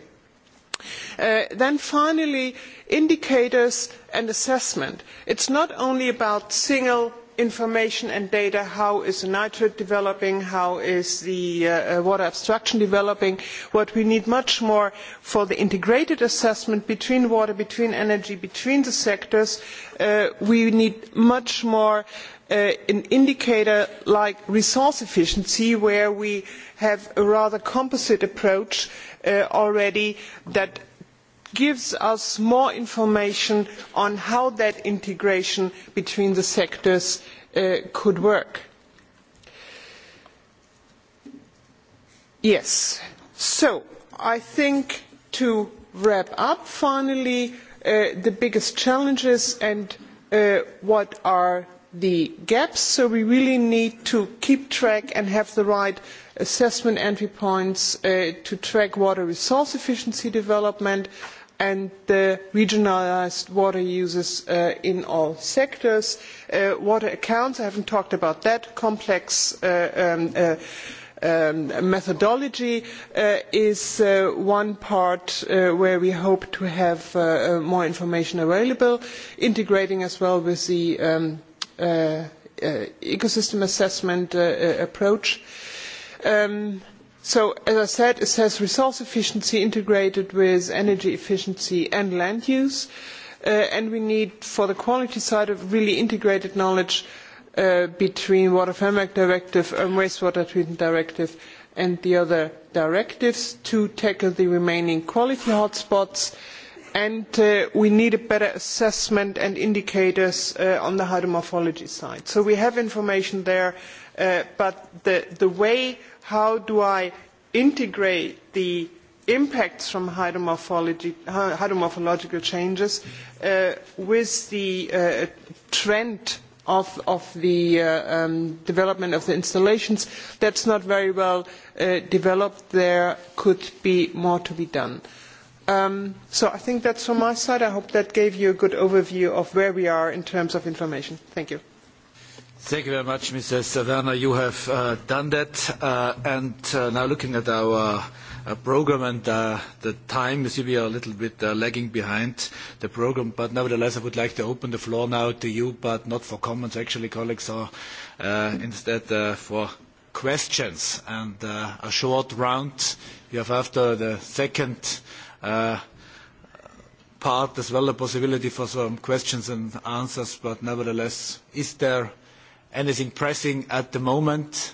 Uh, then finally, indicators and assessment. It's not only about single information and data how is nitrate developing how is the uh, uh, water abstraction developing what we need much more for the integrated assessment between water between energy between the sectors uh, we need much more uh, an indicator like resource efficiency where we have a rather composite approach uh, uh, already that gives us more information on how that integration between the sectors uh, could work. Yes, so I think to wrap up finally, uh, the biggest challenges and uh, what are the gaps. So we really need to keep track and have the right uh, assessment entry points uh, to track water resource efficiency development and the regionalised water uses uh, in all sectors. Uh, water accounts, I haven't talked about that, complex uh, um, uh, um, methodology uh, is uh, one part uh, where we hope to have uh, uh, more information available, integrating as well with the um, uh, uh, ecosystem assessment uh, uh, approach. Uh, Um, so as i said it says resource efficiency integrated with energy efficiency and land use uh, and we need for the quality side a really integrated knowledge uh, between water framework directive and um, wastewater treatment directive and the other directives to tackle the remaining quality hotspots and uh, we need a better assessment and indicators uh, on the hydromorphology side. so we have information there uh, but the, the way how do I integrate the impacts from hydromorphological changes uh, with the uh, trend of, of the uh, um, development of the installations. That's not very well uh, developed. There could be more to be done. Um, so I think that's from my side. I hope that gave you a good overview of where we are in terms of information. Thank you. Thank you very much, Mrs. Savannah. You have uh, done that. Uh, and uh, now looking at our uh, program and uh, the time, you see we are a little bit uh, lagging behind the program. But nevertheless, I would like to open the floor now to you, but not for comments. Actually, colleagues are uh, instead uh, for questions and uh, a short round. You have after the second uh, part as well a possibility for some questions and answers. But nevertheless, is there Anything pressing at the moment?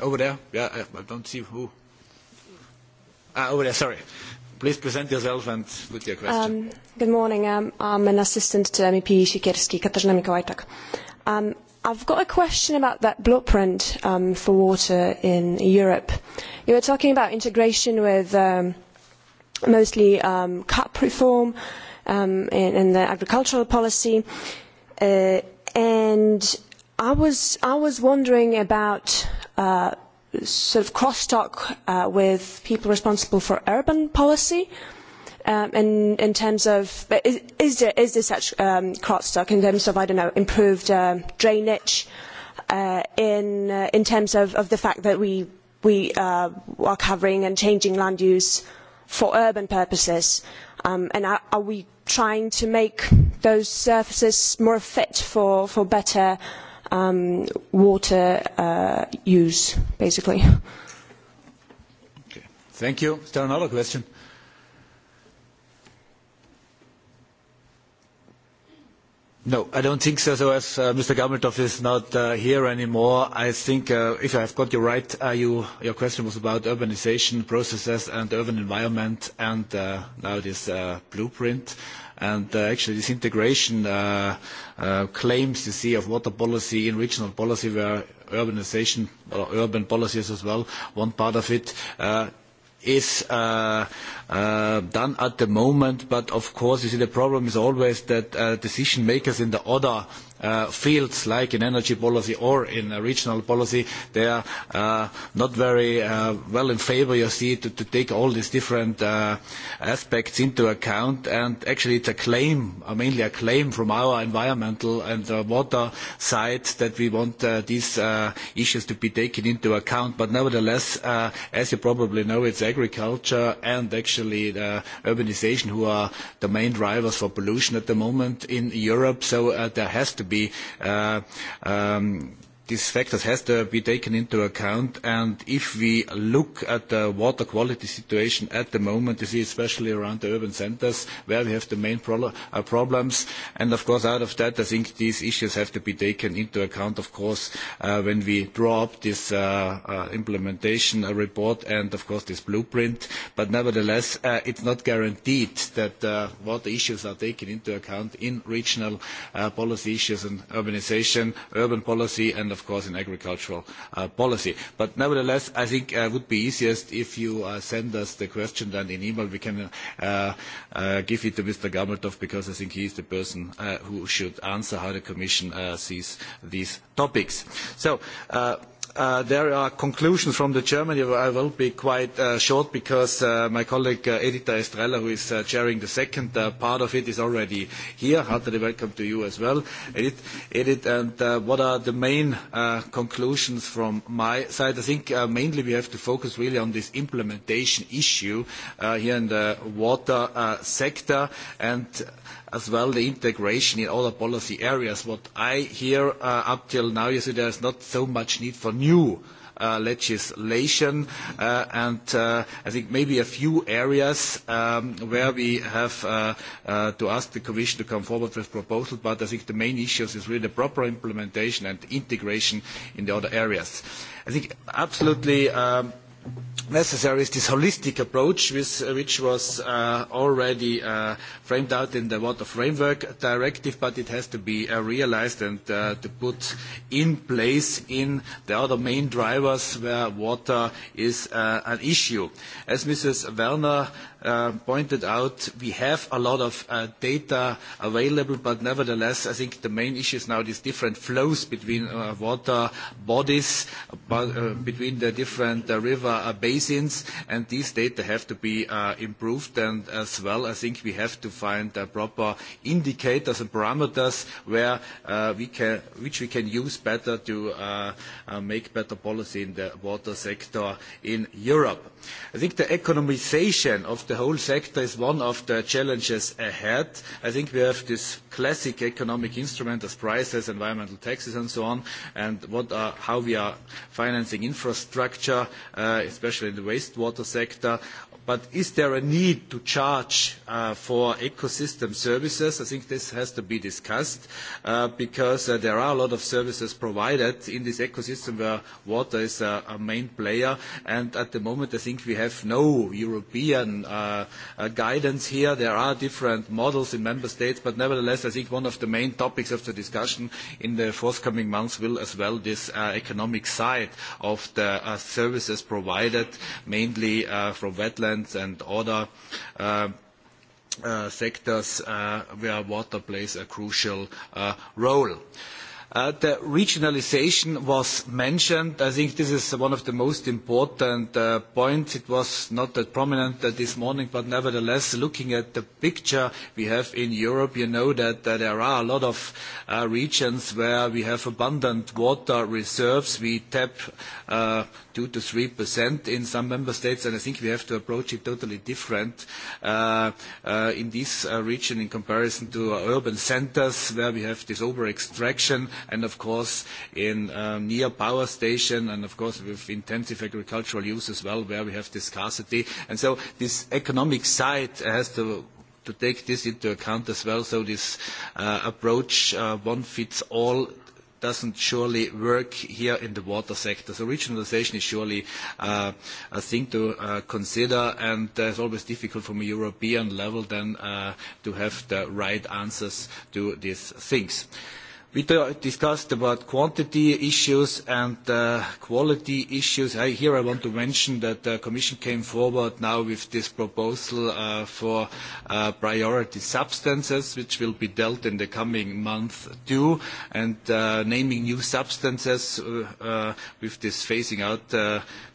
Over there? Yeah, I don't see who. Ah, over there, sorry. Please present yourself and put your question. Um, good morning. Um, I'm an assistant to MEP Siekierski, Katarzyna Mikołajczak. Um, I've got a question about that blueprint um, for water in Europe. You were talking about integration with um, – mostly um, CAP reform um, and, and the agricultural policy. Uh, and I was, I was wondering about uh, sort of crosstalk uh, with people responsible for urban policy. Um, and in terms of, is, is, there, is there such um, crosstalk in terms of, I don't know, improved uh, drainage uh, in, uh, in terms of, of the fact that we, we uh, are covering and changing land use uh, for urban purposes? Um, and are, are we trying to make those surfaces more fit for, for better um, water uh, use, basically? Okay. Thank you. Still another question. Uh, No, I don't think so. so as uh, Mr. Gammeltoft is not uh, here anymore, I think, uh, if I've got you right, uh, you, your question was about urbanization processes and urban environment and uh, now this uh, blueprint. And, actually, this integration claims you see of water policy and regional policy were urbanization or urban policies as well, one part of it, is uh, uh, done at the moment, but of course, you see, the problem is always that uh, decision makers in the other uh, uh, fields like in energy policy or in uh, regional policy, they are uh, not very uh, well in favor, you see, to, to take all these different uh, aspects into account. And actually it's a claim, uh, mainly a claim from our environmental and uh, water side that we want uh, these uh, issues to be taken into account. But nevertheless, uh, as you probably know, it's agriculture and actually the urbanization who are the main drivers for pollution at the moment in Europe. So uh, there has to be uh, um, these factors has to be taken into account. And if we look at the water quality situation at the moment, you see especially around the urban centers where we have the main pro uh, problems. And of course, out of that, I think these issues have to be taken into account, of course, uh, when we draw up this uh, uh, implementation uh, report and, of course, this blueprint. But nevertheless, uh, it's not guaranteed that uh, water issues are taken into account in regional uh, policy issues and urbanization, urban policy, and, of of course, in agricultural uh, policy. But nevertheless, I think it uh, would be easiest if you uh, send us the question then in email. We can uh, uh, give it to Mr. Gamertov because I think he is the person uh, who should answer how the Commission uh, sees these topics. So. Uh, uh, there are conclusions from the Germany. I will be quite uh, short because uh, my colleague uh, Edita Estrella, who is uh, chairing the second uh, part of it, is already here. Heartily welcome to you as well, Edith. Edith and uh, what are the main uh, conclusions from my side? I think uh, mainly we have to focus really on this implementation issue uh, here in the water uh, sector. And as well the integration in all the policy areas. What I hear uh, up till now is that there's not so much need for new uh, legislation, uh, and uh, I think maybe a few areas um, where we have uh, uh, to ask the Commission to come forward with proposals, but I think the main issues is really the proper implementation and integration in the other areas. I think absolutely um, necessary is this holistic approach, with, uh, which was uh, already uh, framed out in the Water Framework Directive, but it has to be uh, realized and uh, to put in place in the other main drivers where water is uh, an issue. As Mrs. Werner uh, pointed out, we have a lot of uh, data available, but nevertheless, I think the main issue is now these different flows between uh, water bodies, but, uh, between the different uh, river uh, basins, and these data have to be uh, improved. And as well, I think we have to find uh, proper indicators and parameters where uh, we can, which we can use better to uh, uh, make better policy in the water sector in Europe. I think the economization of the whole sector is one of the challenges ahead. I think we have this classic economic instrument as prices, environmental taxes, and so on, and what are, how we are financing infrastructure, uh, especially in the wastewater sector. But is there a need to charge uh, for ecosystem services? I think this has to be discussed uh, because uh, there are a lot of services provided in this ecosystem where water is uh, a main player. And at the moment, I think we have no European uh, uh, guidance here. There are different models in member states, but nevertheless, I think one of the main topics of the discussion in the forthcoming months will as well this uh, economic side of the uh, services provided, mainly uh, from wetlands defense and other uh, uh, sectors uh, where water plays a crucial uh, role. Uh, Uh, the regionalization was mentioned. I think this is one of the most important uh, points. It was not that prominent uh, this morning, but nevertheless, looking at the picture we have in Europe, you know that uh, there are a lot of uh, regions where we have abundant water reserves. We tap 2%-3% uh, in some member states, and I think we have to approach it totally different in this region in comparison to urban centers, where we have this over-extraction and of course in um, near power station and of course with intensive agricultural use as well where we have this scarcity. And so this economic side has to to take this into account as well, so this uh, approach, uh, one fits all, doesn't surely work here in the water sector. So regionalization is surely uh, a thing to uh, consider, and uh, it's always difficult from a European level then uh, to have the right answers to these things. Uh, We discussed about quantity issues and uh, quality issues. I, here I want to mention that the Commission came forward now with this proposal uh, for uh, priority substances, which will be dealt in the coming month too, and uh, naming new substances uh, uh, with this phasing out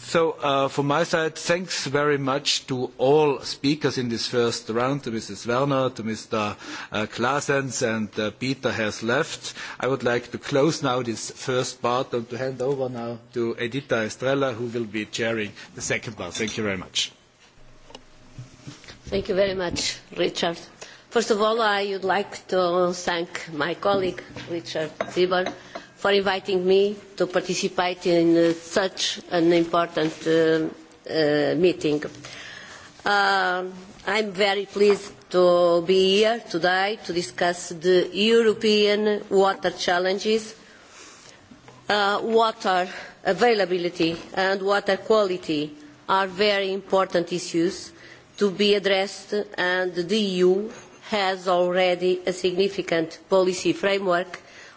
So, uh, from my side, thanks very much to all speakers in this first round, to Mrs. Werner, to Mr. Uh, Claessens, and uh, Peter has left. I would like to close now this first part and to hand over now to Edita Estrella, who will be chairing the second part. Thank you very much. Thank you very much, Richard. First of all, I would like to thank my colleague, Richard Zieber, for inviting me to participate in uh, such an important uh, uh, meeting. Uh, I'm very pleased to be here today to discuss the European water challenges, uh, water availability and water quality are very important issues to be addressed and the EU has already a significant policy framework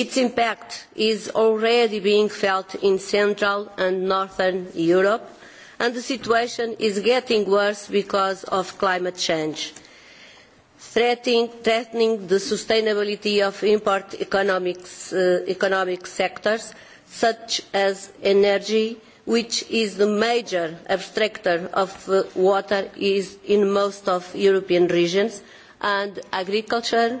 Its impact is already being felt in Central and Northern Europe, and the situation is getting worse because of climate change, threatening, threatening the sustainability of import economics, uh, economic sectors such as energy, which is the major abstractor of uh, water is in most of European regions, and agriculture,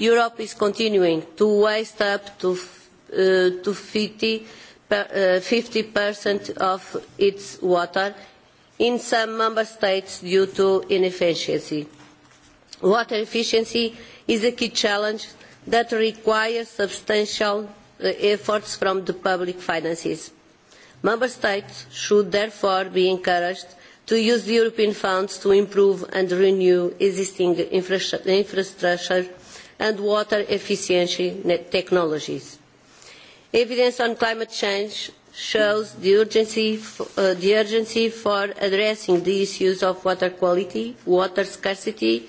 Europe is continuing to waste up to, uh, to 50, per, uh, 50% of its water in some member states due to inefficiency. Water efficiency is a key challenge that requires substantial uh, efforts from the public finances. Member states should therefore be encouraged to use the European funds to improve and renew existing infrastructure and water efficiency technologies. Evidence on climate change shows the urgency, uh, the urgency for addressing the issues of water quality, water scarcity,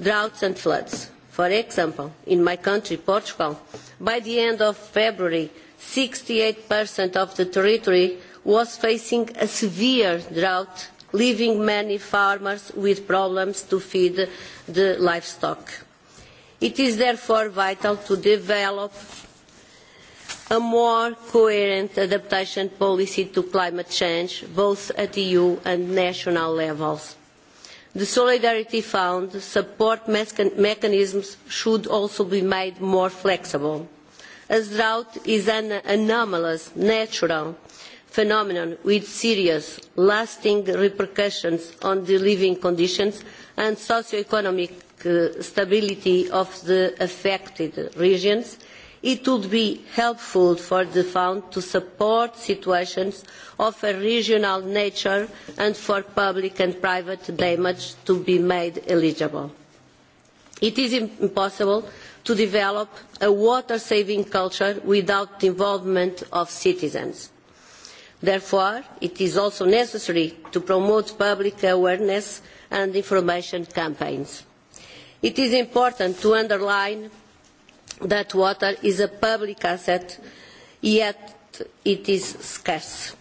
droughts and floods. For example, in my country, Portugal, by the end of February, 68% of the territory was facing a severe drought, leaving many farmers with problems to feed the livestock It is therefore vital to develop a more coherent adaptation policy to climate change, both at EU and national levels. The Solidarity Fund support mechanisms should also be made more flexible. As drought is an anomalous natural phenomenon with serious, lasting repercussions on the living conditions and socio-economic uh, stability of the affected regions, it would be helpful for the fund to support situations of a regional nature and for public and private damage to be made eligible. It is impossible to develop a water-saving culture without the involvement of citizens. Therefore, it is also necessary to promote public awareness and information campaigns It is important to underline that water is a public asset, yet it is scarce.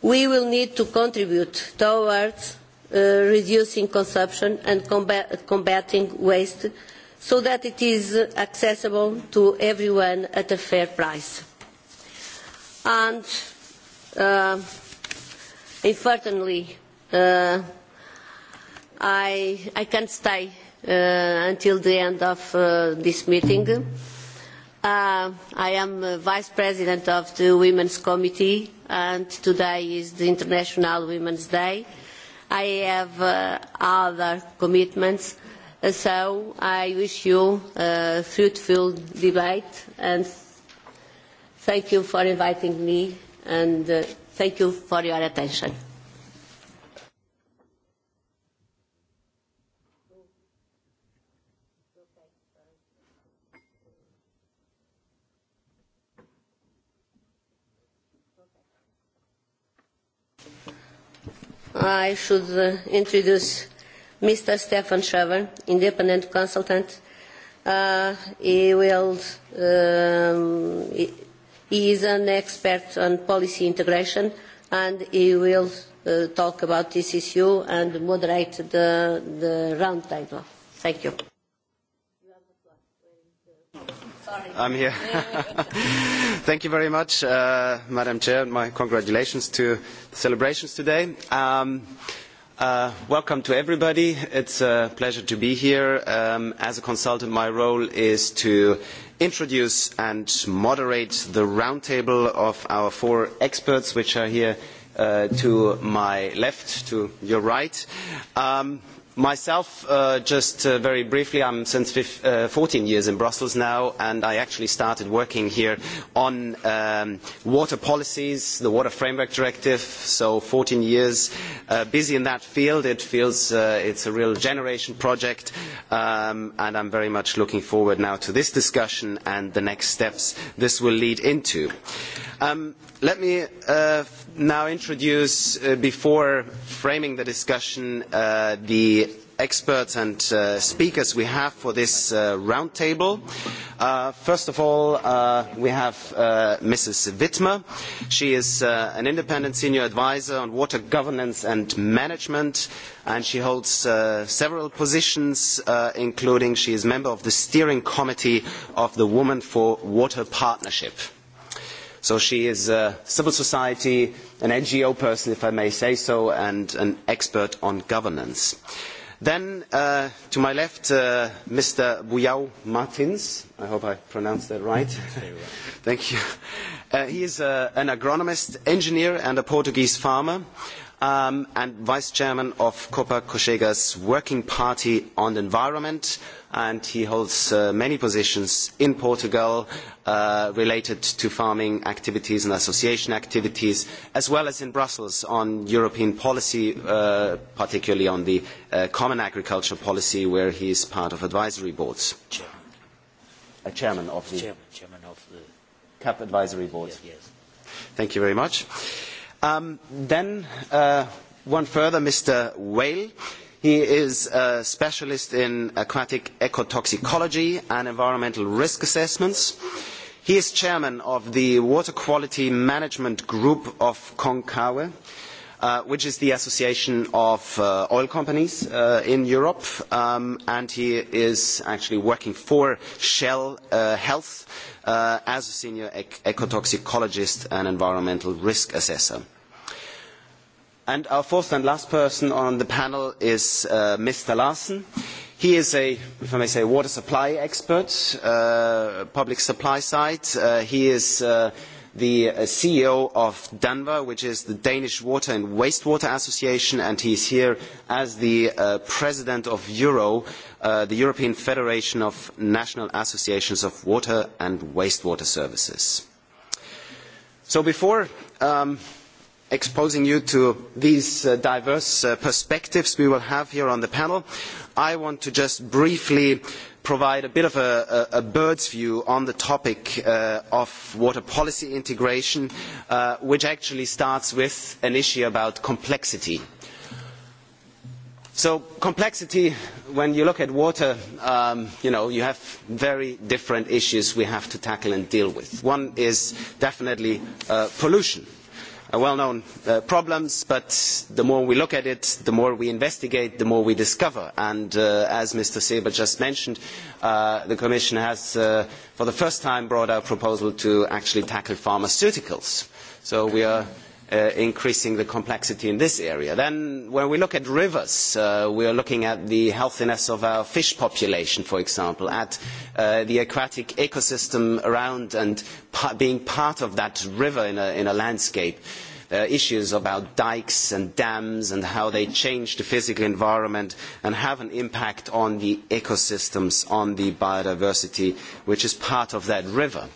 We will need to contribute towards uh, reducing consumption and combat combating waste so that it is accessible to everyone at a fair price. And uh, unfortunately, uh, I, I can't stay uh, until the end of uh, this meeting. Uh, I am uh, Vice President of the Women's Committee and today is the International Women's Day. I have uh, other commitments, uh, so I wish you a fruitful debate and thank you for inviting me and uh, thank you for your attention. I should uh, introduce Mr. Stefan Schrever, independent consultant. Uh, he will. Um, he, he is an expert on policy integration, and he will uh, talk about this issue and moderate the, the roundtable. Thank you. Sorry. I'm here. Thank you very much, uh, Madam Chair. My congratulations to the celebrations today. Um, Uh, welcome to everybody. It's a pleasure to be here. Um, as a consultant, my role is to introduce and moderate the roundtable of our four experts, which are here uh, to my left, to your right. Um, Myself, uh, just uh, very briefly, I'm since fif- uh, 14 years in Brussels now, and I actually started working here on um, water policies, the Water Framework Directive, so 14 years uh, busy in that field. It feels uh, it's a real generation project, um, and I'm very much looking forward now to this discussion and the next steps this will lead into. Um, Let me uh, now introduce, uh, before framing the discussion, uh, the experts and uh, speakers we have for this uh, roundtable. Uh, first of all, uh, we have uh, Mrs. Wittmer. She is uh, an independent senior advisor on water governance and management, and she holds uh, several positions, uh, including she is member of the steering committee of the Women for Water Partnership. Uh, So she is a civil society, an NGO person, if I may say so, and an expert on governance. Then, uh, to my left, uh, Mr. Buyao Martins. I hope I pronounced that right. Thank you. Uh, he is uh, an agronomist, engineer, and a Portuguese farmer um, and vice chairman of Copa Koshega's Working Party on the Environment, and he holds uh, many positions in Portugal uh, related to farming activities and association activities, as well as in Brussels on European policy, uh, particularly on the uh, Common Agriculture Policy, where he is part of advisory boards. Chairman. Uh, chairman of the... Chairman, chairman of the... CAP Advisory Board. Yes, yes. Thank you very much. Uh, Um, then uh, one further, Mr. Whale. He is a specialist in aquatic ecotoxicology and environmental risk assessments. He is chairman of the Water Quality Management Group of Konkawa. Uh, uh, which is the Association of uh, Oil Companies uh, in Europe, um, and he is actually working for Shell uh, Health uh, as a senior ec ecotoxicologist and environmental risk assessor. And our fourth and last person on the panel is uh, Mr. Larsen. He is a, if I may say, water supply expert, uh, public supply side. Uh, he is uh, the uh, CEO of DANVA, which is the Danish Water and Wastewater Association, and he's here as the uh, president of Euro, uh, the European Federation of National Associations of Water and Wastewater Services. So before um, exposing you to these uh, diverse uh, perspectives we will have here on the panel. I want to just briefly provide a bit of a, a, a bird's view on the topic uh, of water policy integration, uh, which actually starts with an issue about complexity. So complexity, when you look at water, um, you know, you have very different issues we have to tackle and deal with. One is definitely uh, pollution. Uh, Uh, well-known uh, problems, but the more we look at it, the more we investigate, the more we discover. And uh, as Mr. Seber just mentioned, uh, the Commission has, uh, for the first time, brought out a proposal to actually tackle pharmaceuticals. So we are uh, increasing the complexity in this area. Then when we look at rivers, uh, we are looking at the healthiness of our fish population, for example, at uh, the aquatic ecosystem around and pa being part of that river in a, in a landscape. Uh, issues about dikes and dams and how they change the physical environment and have an impact on the ecosystems, on the biodiversity, which is part of that river. Uh,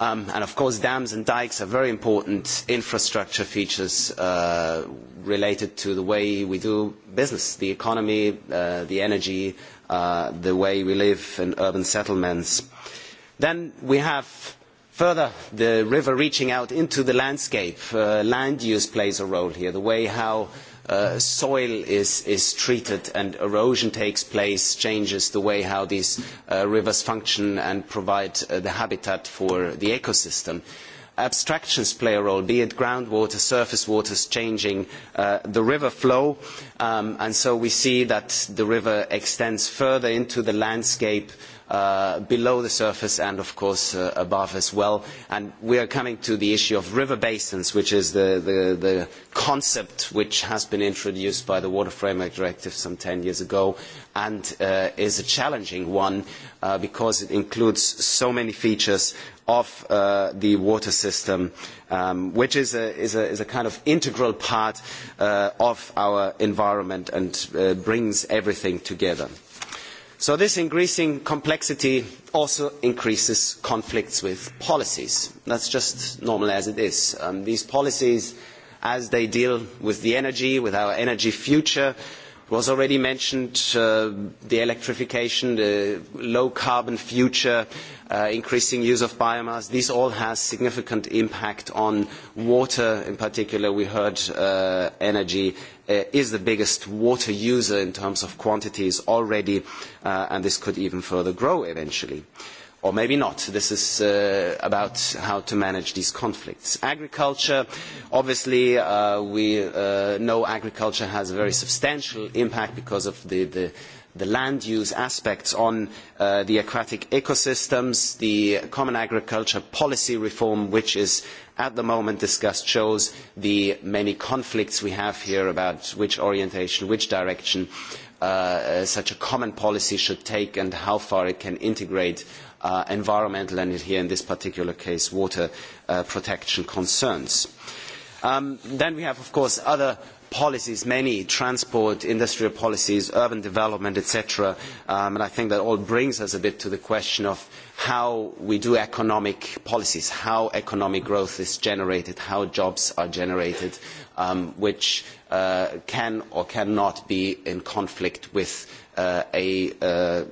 Um, and of course, dams and dikes are very important infrastructure features uh, related to the way we do business, the economy, uh, the energy, uh, the way we live in urban settlements. Then we have further the river reaching out into the landscape. Uh, land use plays a role here, the way how uh, uh, soil is, is treated and erosion takes place, changes the way how these uh, rivers function and provide uh, the habitat for the ecosystem. Abstractions play a role, be it groundwater, surface waters changing uh, the river flow, um, and so we see that the river extends further into the landscape uh, uh, below the surface and, of course, uh, above as well. And we are coming to the issue of river basins, which is the, the, the concept which has been introduced by the Water Framework Directive some 10 years ago and uh, is a challenging one uh, because it includes so many features of uh, the water system, um, which is a, is, a, is a kind of integral part uh, of our environment and uh, brings everything together. Uh, So this increasing complexity also increases conflicts with policies. That's just normal as it is. Um, these policies, as they deal with the energy, with our energy future, uh, was already mentioned, uh, the electrification, the low-carbon future, uh, increasing use of biomass. This all has significant impact on water. In particular, we heard uh, energy uh, is the biggest water user in terms of quantities already, uh, and this could even further grow eventually or maybe not. This is uh, about how to manage these conflicts. Agriculture, obviously, uh, we uh, know agriculture has a very substantial impact because of the, the, the land use aspects on uh, the aquatic ecosystems. The Common Agriculture Policy Reform, which is at the moment discussed, shows the many conflicts we have here about which orientation, which direction uh, such a common policy should take and how far it can integrate uh, uh, environmental and here in this particular case water uh, protection concerns. Um, then we have of course other policies, many transport, industrial policies, urban development, etc. Um, and I think that all brings us a bit to the question of how we do economic policies, how economic growth is generated, how jobs are generated, um, which uh, can or cannot be in conflict with uh, a uh,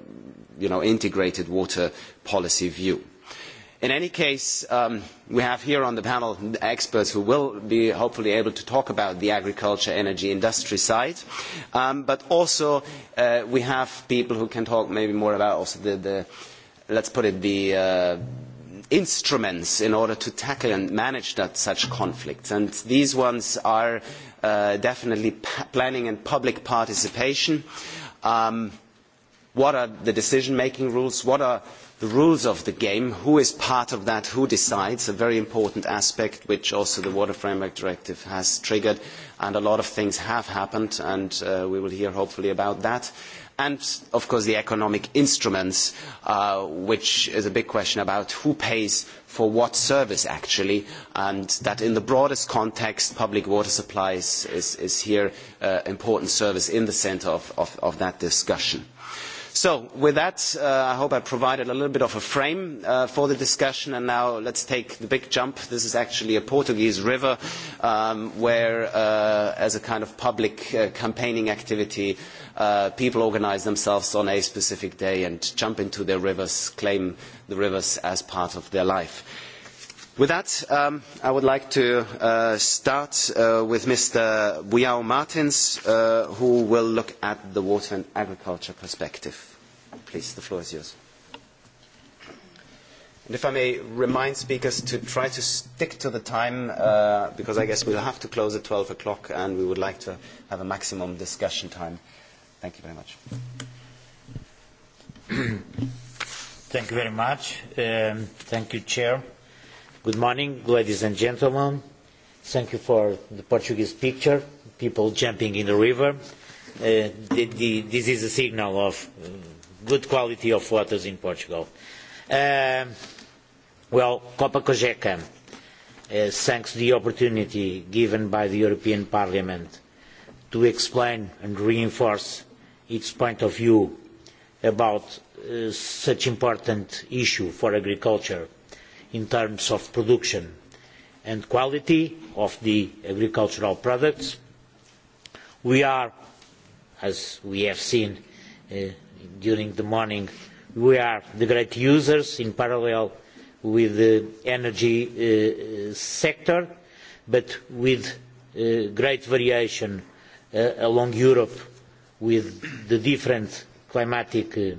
you know, integrated water policy view. In any case, um, we have here on the panel experts who will be hopefully able to talk about the agriculture, energy, industry side. Um, but also, uh, we have people who can talk maybe more about also the, the let's put it, the uh, instruments in order to tackle and manage that, such conflicts. And these ones are uh, definitely p- planning and public participation. Um, what are the decision-making rules? What are the rules of the game, who is part of that, who decides, a very important aspect which also the Water Framework Directive has triggered, and a lot of things have happened, and uh, we will hear hopefully about that. And, of course, the economic instruments, uh, which is a big question about who pays for what service, actually, and that in the broadest context, public water supplies is, is here an uh, important service in the centre of, of, of that discussion. Uh, So with that, uh, I hope I provided a little bit of a frame uh, for the discussion, and now let's take the big jump. This is actually a Portuguese river um, where, uh, as a kind of public uh, campaigning activity, uh, people organize themselves on a specific day and jump into their rivers, claim the rivers as part of their life. With that, um, I would like to uh, start uh, with Mr. Buyao Martins, uh, who will look at the water and agriculture perspective please, the floor is yours. And if I may remind speakers to try to stick to the time, uh, because I guess we'll have to close at 12 o'clock, and we would like to have a maximum discussion time. Thank you very much. thank you very much. Um, thank you, Chair. Good morning, ladies and gentlemen. Thank you for the Portuguese picture, people jumping in the river. Uh, the, the, this is a signal of uh, good quality of waters in Portugal. Uh, well, Copa Cogeca, uh, thanks to the opportunity given by the European Parliament to explain and reinforce its point of view about uh, such important issue for agriculture in terms of production and quality of the agricultural products. We are, as we have seen, uh, during the morning, we are the great users in parallel with the energy uh, sector, but with uh, great variation uh, along Europe with the different climatic uh,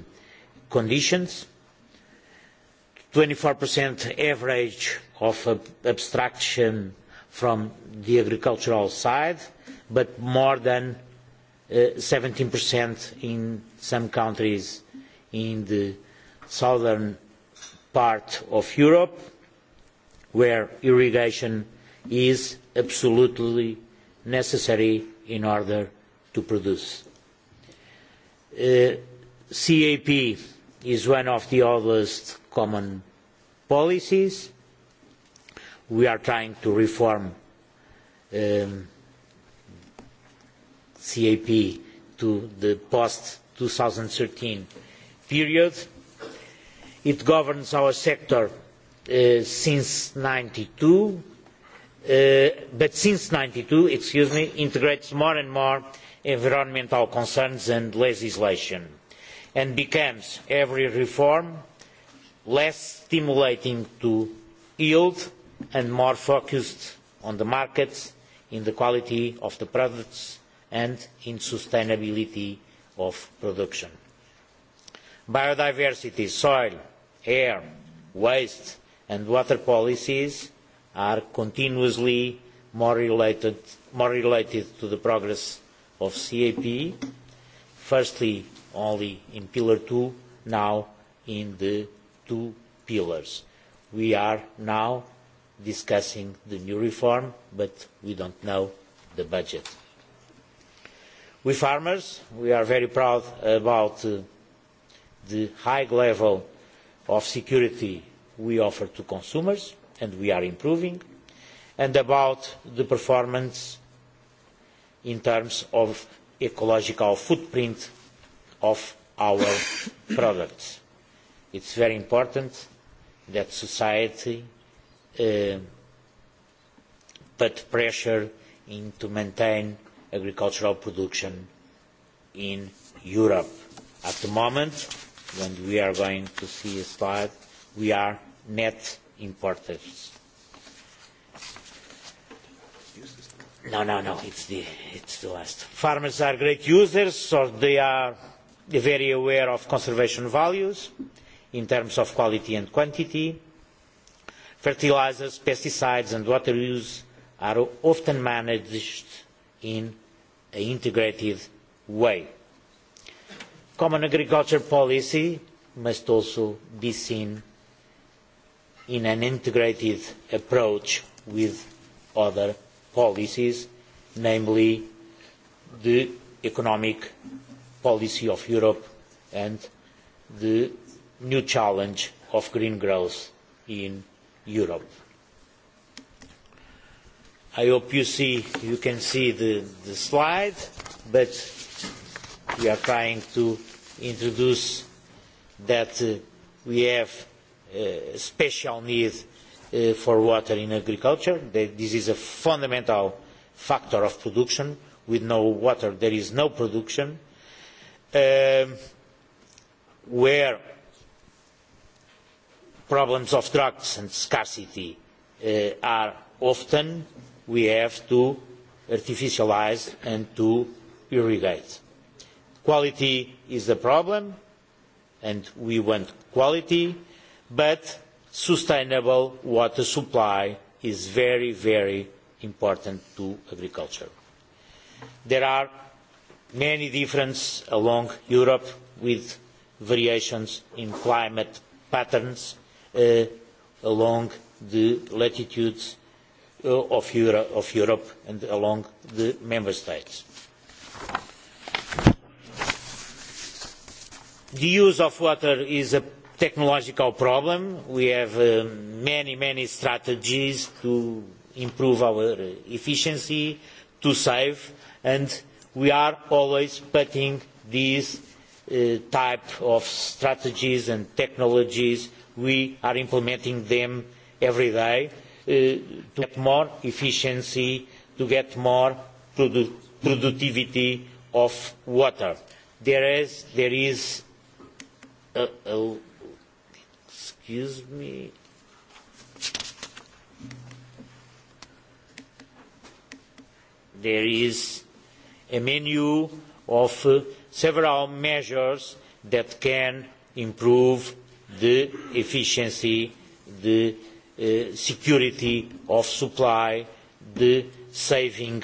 conditions. 24% average of ab abstraction from the agricultural side, but more than uh, 17% in some countries in the southern part of Europe, where irrigation is absolutely necessary in order to produce. Uh, CAP is one of the oldest common policies. We are trying to reform um, CAP to the post 2013 period. It governs our sector uh, since 92, uh, but since 92, excuse me, integrates more and more environmental concerns and legislation and becomes every reform less stimulating to yield and more focused on the markets, in the quality of the products and in sustainability of production. Biodiversity, soil, air, waste and water policies are continuously more related, more related to the progress of CAP, firstly only in Pillar 2, now in the two pillars. We are now discussing the new reform, but we don't know the budget we farmers we are very proud about uh, the high level of security we offer to consumers and we are improving and about the performance in terms of ecological footprint of our products. It is very important that society uh, put pressure in to maintain agricultural production in Europe. At the moment, when we are going to see a slide, we are net importers. No, no, no, it's the, it's the last. Farmers are great users, so they are very aware of conservation values in terms of quality and quantity. Fertilizers, pesticides and water use are often managed in an integrated way. Common agriculture policy must also be seen in an integrated approach with other policies, namely the economic policy of Europe and the new challenge of green growth in Europe I hope you see you can see the, the slide, but we are trying to introduce that uh, we have uh, special need uh, for water in agriculture. That this is a fundamental factor of production. With no water, there is no production. Um, where problems of drugs and scarcity uh, are often uh, we have to artificialize and to irrigate. Quality is the problem, and we want quality, but sustainable water supply is very, very important to agriculture. There are many differences along Europe with variations in climate patterns uh, along the latitudes Uh, of, Euro, of Europe and along the member states. The use of water is a technological problem. We have uh, many, many strategies to improve our efficiency, to save, and we are always putting these uh, type of strategies and technologies. We are implementing them every day. Uh, Uh, to get more efficiency, to get more produ productivity of water. There is, there is uh, uh, excuse me, there is a menu of uh, several measures that can improve the efficiency, the uh, uh, security of supply, the saving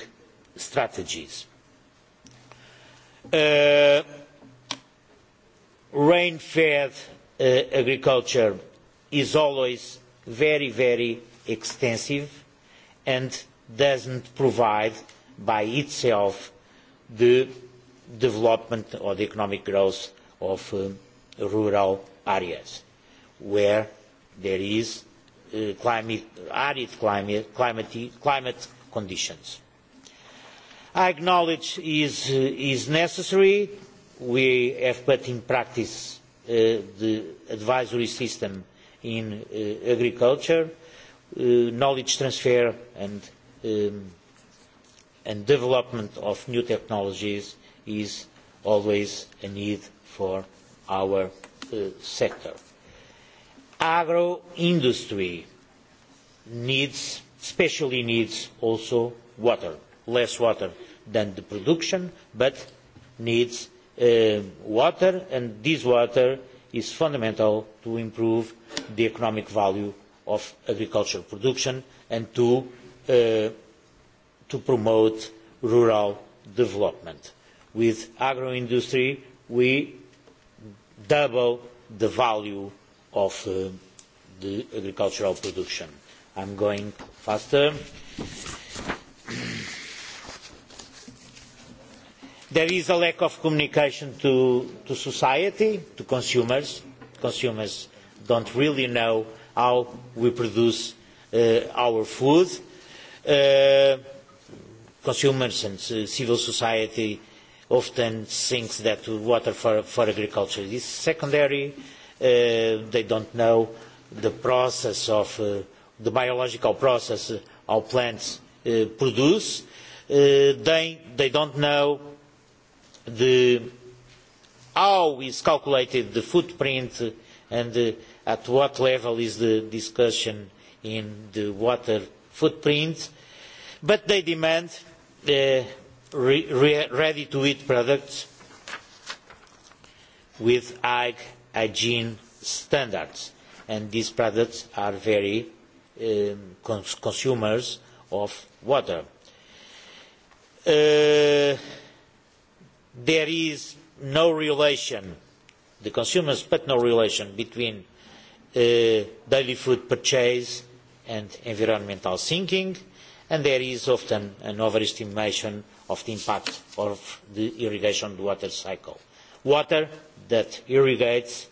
strategies. Uh, rain-fed uh, agriculture is always very, very extensive and doesn't provide by itself the development or the economic growth of um, rural areas where there is uh, climate, arid climate, climate, climate conditions. I acknowledge is, uh, is necessary. We have put in practice uh, the advisory system in uh, agriculture, uh, knowledge transfer and, um, and development of new technologies is always a need for our uh, sector agro industry needs, especially needs also water, less water than the production, but needs uh, water, and this water is fundamental to improve the economic value of agricultural production and to, uh, to promote rural development. With agro-industry, we double the value uh, of uh, the agricultural production. I'm going faster. There is a lack of communication to, to society, to consumers. Consumers don't really know how we produce uh, our food. Uh, consumers and uh, civil society often think that water for, for agriculture is secondary. Uh, Eh, they don't know the process of uh, the biological process eh, our plants uh, produce. Uh, they, they don't know the, how is calculated the footprint and uh, at what level is the discussion in the water footprint. But they demand uh, re- re- ready-to-eat products with high hygiene standards. And these products are very um, cons consumers of water. Uh, there is no relation, the consumers, but no relation between uh, daily food purchase and environmental thinking, and there is often an overestimation of the impact of the irrigation water cycle. Uh, water that irrigates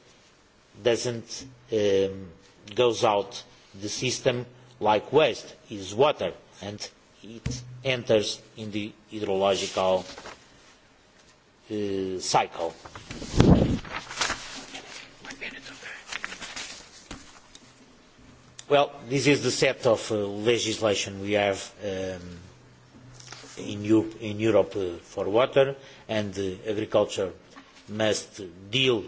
doesn't um, goes out the system like waste is water and it enters in the hydrological uh, cycle. Well, this is the set of uh, legislation we have um, in, Europe, in Europe uh, for water and uh, agriculture must deal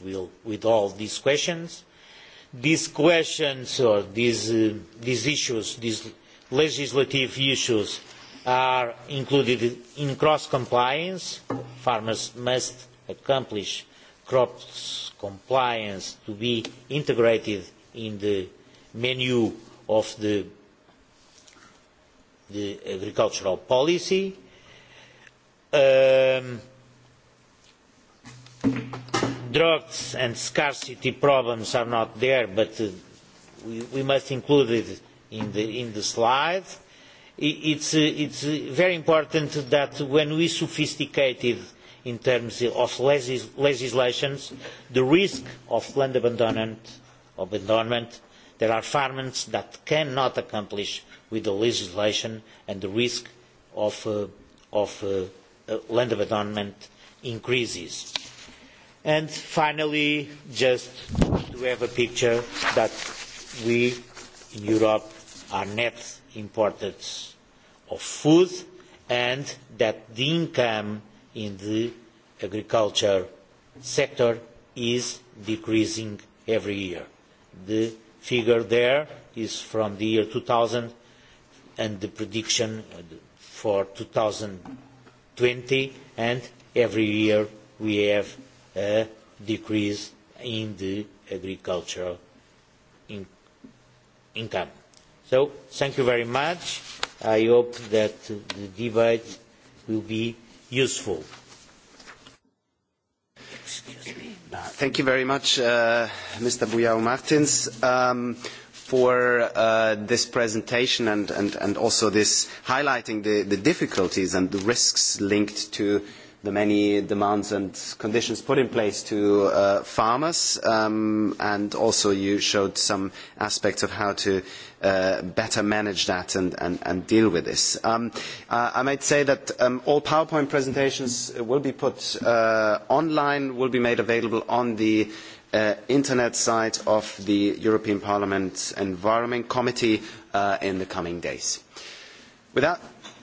will, with all these questions. These questions or these, uh, these issues, these legislative issues are included in cross-compliance. Farmers must accomplish crops compliance to be integrated in the menu of the, the agricultural policy. Um, drugs and scarcity problems are not there, but uh, we, we must include it in the, in the slide. It's, uh, it's uh, very important that when we sophisticated in terms of legis legislations, the risk of land abandonment, abandonment, there are farmers that cannot accomplish with the legislation and the risk of, uh, of uh, uh, land abandonment increases. Uh, And finally, just to have a picture that we in Europe are net importers of food and that the income in the agriculture sector is decreasing every year. The figure there is from the year 2000 and the prediction for 2020 and every year we have a decrease in the agricultural in income. So thank you very much. I hope that the debate will be useful. Excuse me. Thank you very much, uh, Mr. Buyao Martins. Um, for uh, this presentation and, and, and also this highlighting the, the difficulties and the risks linked to uh, the many demands and conditions put in place to uh, farmers, um, and also you showed some aspects of how to uh, better manage that and, and, and deal with this. Um, uh, I might say that um, all PowerPoint presentations will be put uh, online, will be made available on the uh, internet site of the European Parliament Environment Committee uh, in the coming days. With that,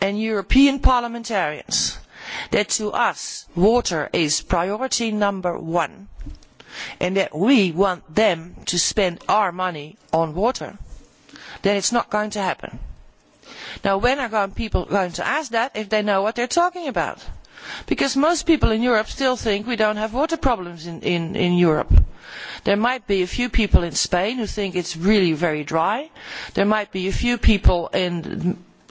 and european parliamentarians that to us water is priority number one and that we want them to spend our money on water then it is not going to happen. now when are people going to ask that if they know what they are talking about? because most people in europe still think we do not have water problems in, in, in europe. there might be a few people in spain who think it is really very dry. there might be a few people in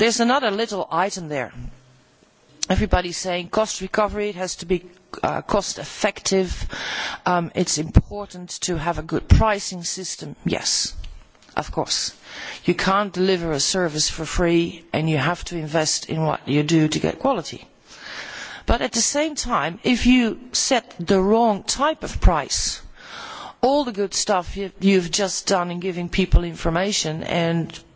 there is another little item there everybody is saying cost recovery has to be uh, cost effective um, it is important to have a good pricing system yes of course you can't deliver a service for free and you have to invest in what you do to get quality but at the same time if you set the wrong type of price all the good stuff you, you've just done in giving people information and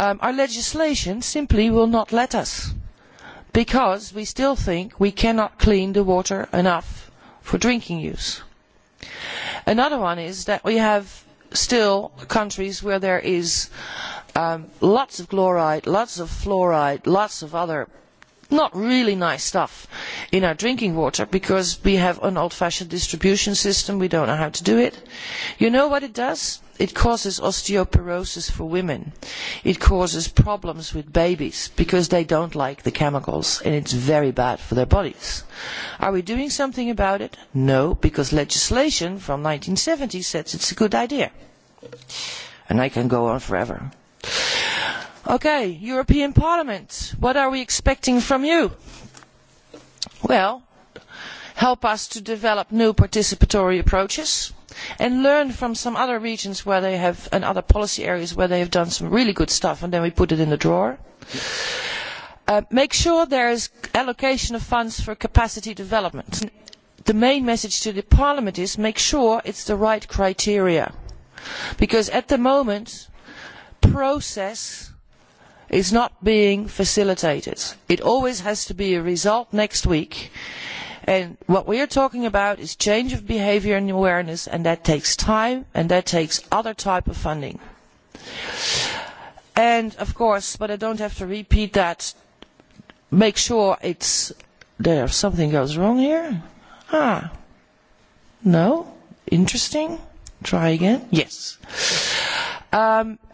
Um, our legislation simply will not let us because we still think we cannot clean the water enough for drinking use. Another one is that we have still countries where there is um, lots of chloride, lots of fluoride, lots of other not really nice stuff in our drinking water because we have an old fashioned distribution system, we don't know how to do it. You know what it does? it causes osteoporosis for women. It causes problems with babies because they don't like the chemicals and it's very bad for their bodies. Are we doing something about it? No, because legislation from 1970 says it's a good idea. And I can go on forever. Okay, European Parliament, what are we expecting from you? Well, help us to develop new participatory approaches and learn from some other regions where they have and other policy areas where they have done some really good stuff and then we put it in the drawer. Uh, make sure there is allocation of funds for capacity development. The main message to the Parliament is make sure it's the right criteria. Because at the moment, process is not being facilitated. It always has to be a result next week And what we are talking about is change of behaviour and awareness, and that takes time, and that takes other type of funding. And of course, but I don't have to repeat that. Make sure it's there. Something goes wrong here. Ah, no, interesting. Try again. Yes. Um,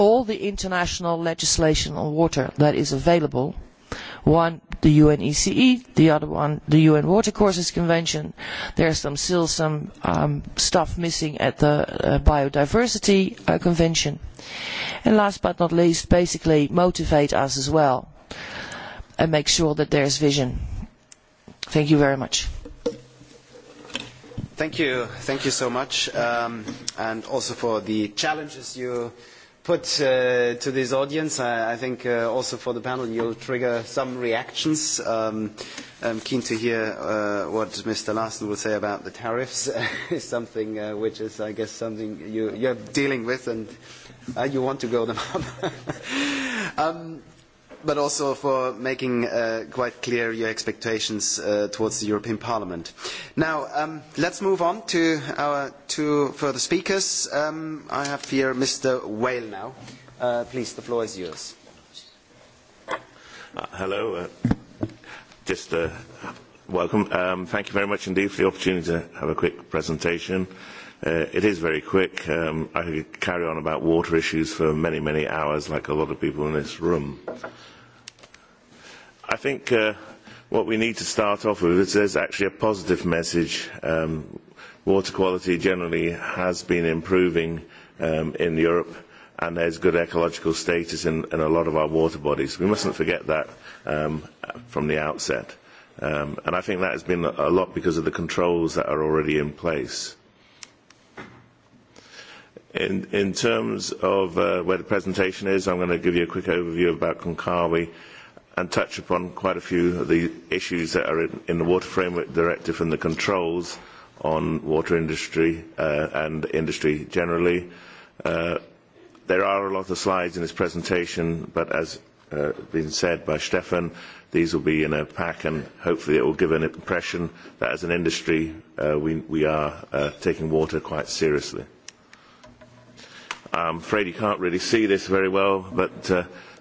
all the international legislation on water that is available one the UNECE, e, the other one the UN Water Courses Convention. There's some, still some um, stuff missing at the uh, Biodiversity uh, Convention. And last but not least, basically motivate us as well and make sure that there's vision. Thank you very much. Thank you. Thank you so much. Um, and also for the challenges you put uh, to this audience. I, I think uh, also for the panel you'll trigger some reactions. Um, I'm keen to hear uh, what Mr. Larson will say about the tariffs, something uh, which is, I guess, something you, you're dealing with and uh, you want to go them up. um, but also for making uh, quite clear your expectations uh, towards the European Parliament. Now, um, let's move on to our two further speakers. Um, I have here Mr. Whale now. Uh, please, the floor is yours. Uh, hello. Uh, just uh, welcome. Um, thank you very much indeed for the opportunity to have a quick presentation. Uh, it is very quick. Um, I could carry on about water issues for many, many hours, like a lot of people in this room. Uh, I think uh, what we need to start off with is there's actually a positive message. Um, water quality generally has been improving um, in Europe and there's good ecological status in, in a lot of our water bodies. We mustn't forget that um, from the outset. Um, and I think that has been a lot because of the controls that are already in place. In, in terms of uh, where the presentation is, I'm going to give you a quick overview about Konkawi and touch upon quite a few of the issues that are in, in the Water Framework Directive and the controls on water industry uh, and industry generally. Uh, there are a lot of slides in this presentation, but as uh, been said by Stefan, these will be in a pack and hopefully it will give an impression that as an industry uh, we, we are uh, taking water quite seriously. I'm afraid you can't really see this very well, but uh,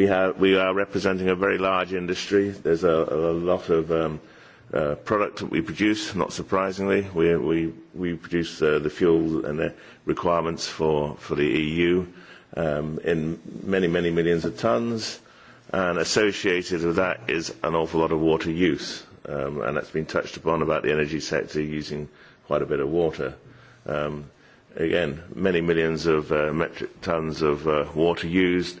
We, have, we are representing a very large industry. There's a, a lot of um, uh, product that we produce, not surprisingly. We, we, we produce uh, the fuel and the requirements for, for the EU um, in many, many millions of tons. And associated with that is an awful lot of water use. Um, and that's been touched upon about the energy sector using quite a bit of water. Um, again, many millions of uh, metric tons of uh, water used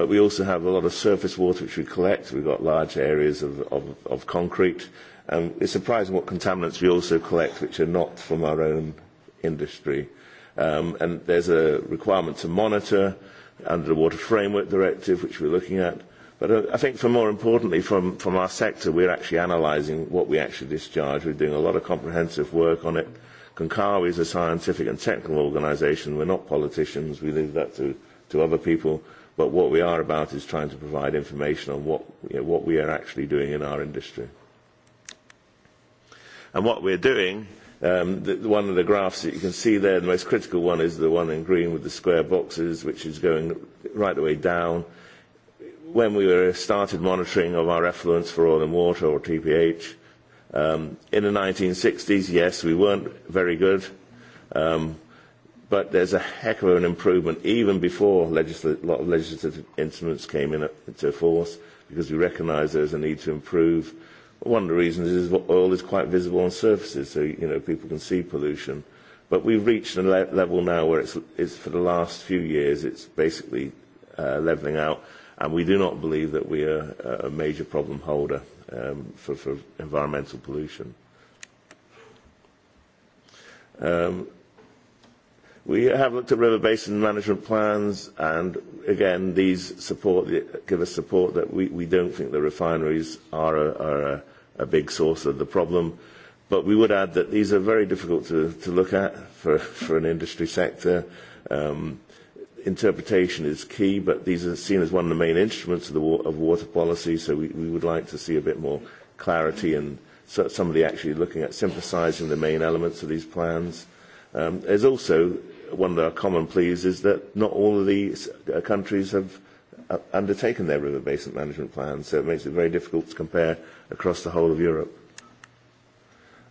but we also have a lot of surface water which we collect. We've got large areas of, of, of concrete. Um, it's surprising what contaminants we also collect which are not from our own industry. Um, and there's a requirement to monitor under the Water Framework Directive, which we're looking at. But uh, I think for more importantly, from, from our sector, we're actually analysing what we actually discharge. We're doing a lot of comprehensive work on it. Concawi is a scientific and technical organisation. We're not politicians. We leave that to, to other people But what we are about is trying to provide information on what, you know, what we are actually doing in our industry. And what we're doing, um, the, one of the graphs that you can see there, the most critical one is the one in green with the square boxes, which is going right the way down. When we were started monitoring of our effluents for oil and water, or TPH, um, in the 1960s, yes, we weren't very good. Um, but there's a heck of an improvement even before legisl- a lot of legislative instruments came in, uh, into force because we recognise there's a need to improve. One of the reasons is that oil is quite visible on surfaces, so you know people can see pollution. But we've reached a le- level now where it's, it's for the last few years it's basically uh, levelling out, and we do not believe that we are a major problem holder um, for, for environmental pollution. Um, We have looked at river basin management plans, and again, these support the, give us support that we, we don't think the refineries are, a, are a, a big source of the problem. But we would add that these are very difficult to, to look at for, for an industry sector. Um, interpretation is key, but these are seen as one of the main instruments of, the, wa of water policy, so we, we would like to see a bit more clarity and so, somebody actually looking at synthesizing the main elements of these plans. Um, there's also one of our common pleas is that not all of these uh, countries have uh, undertaken their river basin management plans, so it makes it very difficult to compare across the whole of Europe.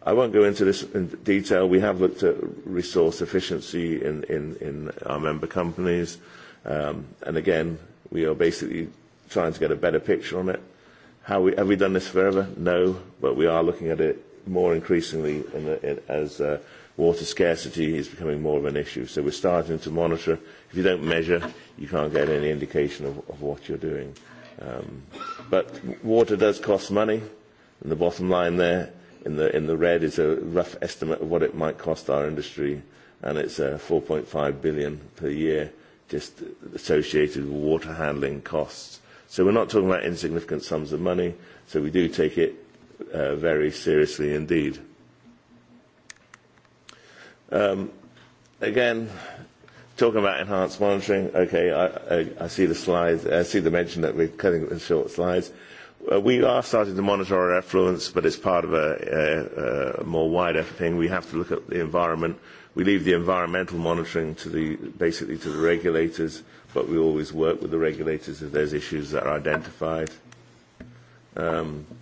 I won't go into this in detail. We have looked at resource efficiency in, in, in our member companies. Um, and again, we are basically trying to get a better picture on it. How we, have we done this forever? No, but we are looking at it more increasingly in the, in, as uh, water scarcity is becoming more of an issue. So we're starting to monitor. If you don't measure, you can't get any indication of, of what you're doing. Um, but water does cost money, and the bottom line there in the, in the red is a rough estimate of what it might cost our industry, and it's uh, 4.5 billion per year just associated with water handling costs. So we're not talking about insignificant sums of money, so we do take it uh, very seriously indeed. Um, again, talking about enhanced monitoring, okay, I, I, I see the slides, I see the mention that we're cutting it in short slides. Uh, we are starting to monitor our effluents, but it's part of a, a, a more wider thing. We have to look at the environment. We leave the environmental monitoring to the, basically to the regulators, but we always work with the regulators if there's issues that are identified. Um, uh,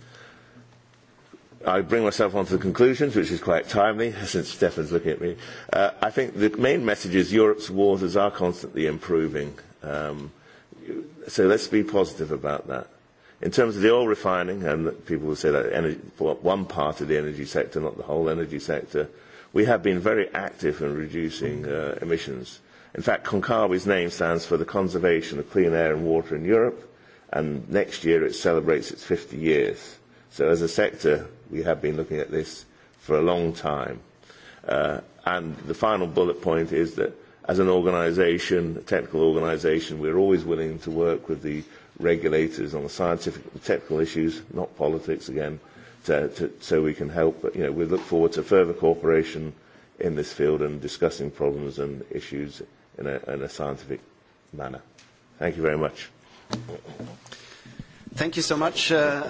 I bring myself on to the conclusions, which is quite timely since Stefan's looking at me. Uh, I think the main message is Europe's waters are constantly improving. Um, so let's be positive about that. In terms of the oil refining, and people will say that energy, for one part of the energy sector, not the whole energy sector, we have been very active in reducing uh, emissions. In fact, Concavi's name stands for the Conservation of Clean Air and Water in Europe, and next year it celebrates its 50 years. So as a sector, We have been looking at this for a long time. Uh, and the final bullet point is that as an organisation, a technical organisation, we're always willing to work with the regulators on the scientific and technical issues, not politics again, to, to, so we can help. But, you know, we look forward to further cooperation in this field and discussing problems and issues in a, in a scientific manner. Thank you very much. Thank you so much, uh,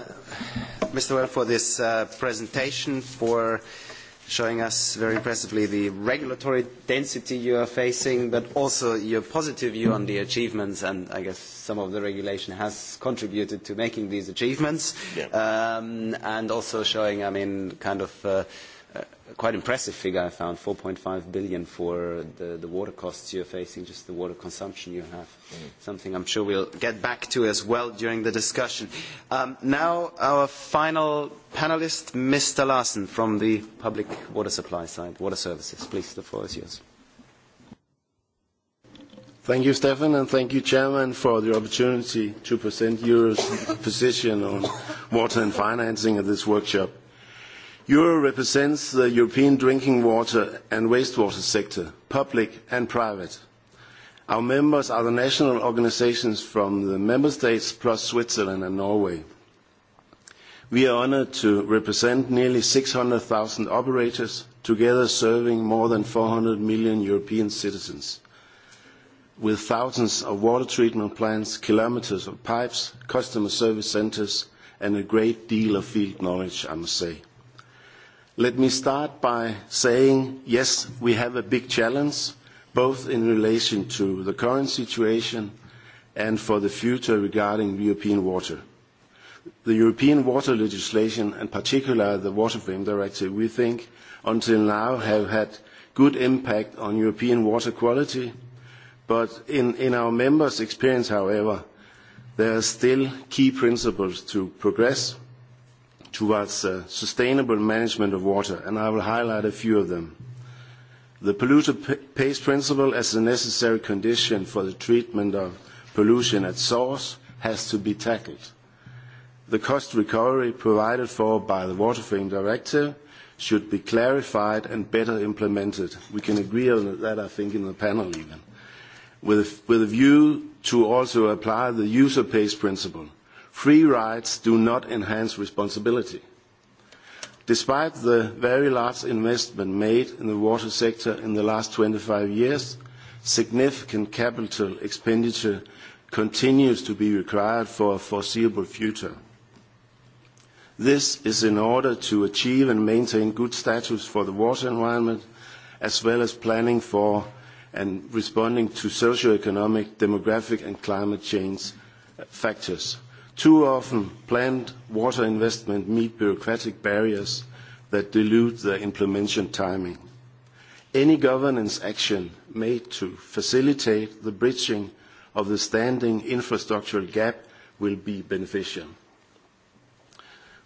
Mr. Well, for this uh, presentation, for showing us very impressively the regulatory density you are facing, but also your positive view on the achievements, and I guess some of the regulation has contributed to making these achievements, yeah. um, and also showing, I mean, kind of uh, quite impressive figure I found, 4.5 billion for the, the water costs you're facing, just the water consumption you have. Mm. Something I'm sure we'll get back to as well during the discussion. Um, now our final panelist, Mr. Larsen from the public water supply side, water services. Please, the floor is yours. Thank you, Stefan, and thank you, Chairman, for the opportunity to present your position on water and financing at this workshop. Euro represents the European drinking water and wastewater sector, public and private. Our members are the national organizations from the member states plus Switzerland and Norway. We are honored to represent nearly 600,000 operators, together serving more than 400 million European citizens. With thousands of water treatment plants, kilometers of pipes, customer service centers, and a great deal of field knowledge, I must say. Let me start by saying, yes, we have a big challenge, both in relation to the current situation and for the future regarding European water. The European water legislation, and particular the Water Frame Directive, we think until now have had good impact on European water quality. But in, in our members' experience, however, there are still key principles to progress towards uh, sustainable management of water, and I will highlight a few of them. The polluter pays principle as a necessary condition for the treatment of pollution at source has to be tackled. The cost recovery provided for by the Water Frame Directive should be clarified and better implemented. We can agree on that, I think, in the panel even. With, with a view to also apply the user pays principle Free rides do not enhance responsibility. Despite the very large investment made in the water sector in the last 25 years, significant capital expenditure continues to be required for a foreseeable future. This is in order to achieve and maintain good status for the water environment, as well as planning for and responding to socioeconomic, demographic, and climate change factors. Too often, planned water investment meet bureaucratic barriers that dilute their implementation timing. Any governance action made to facilitate the bridging of the standing infrastructural gap will be beneficial.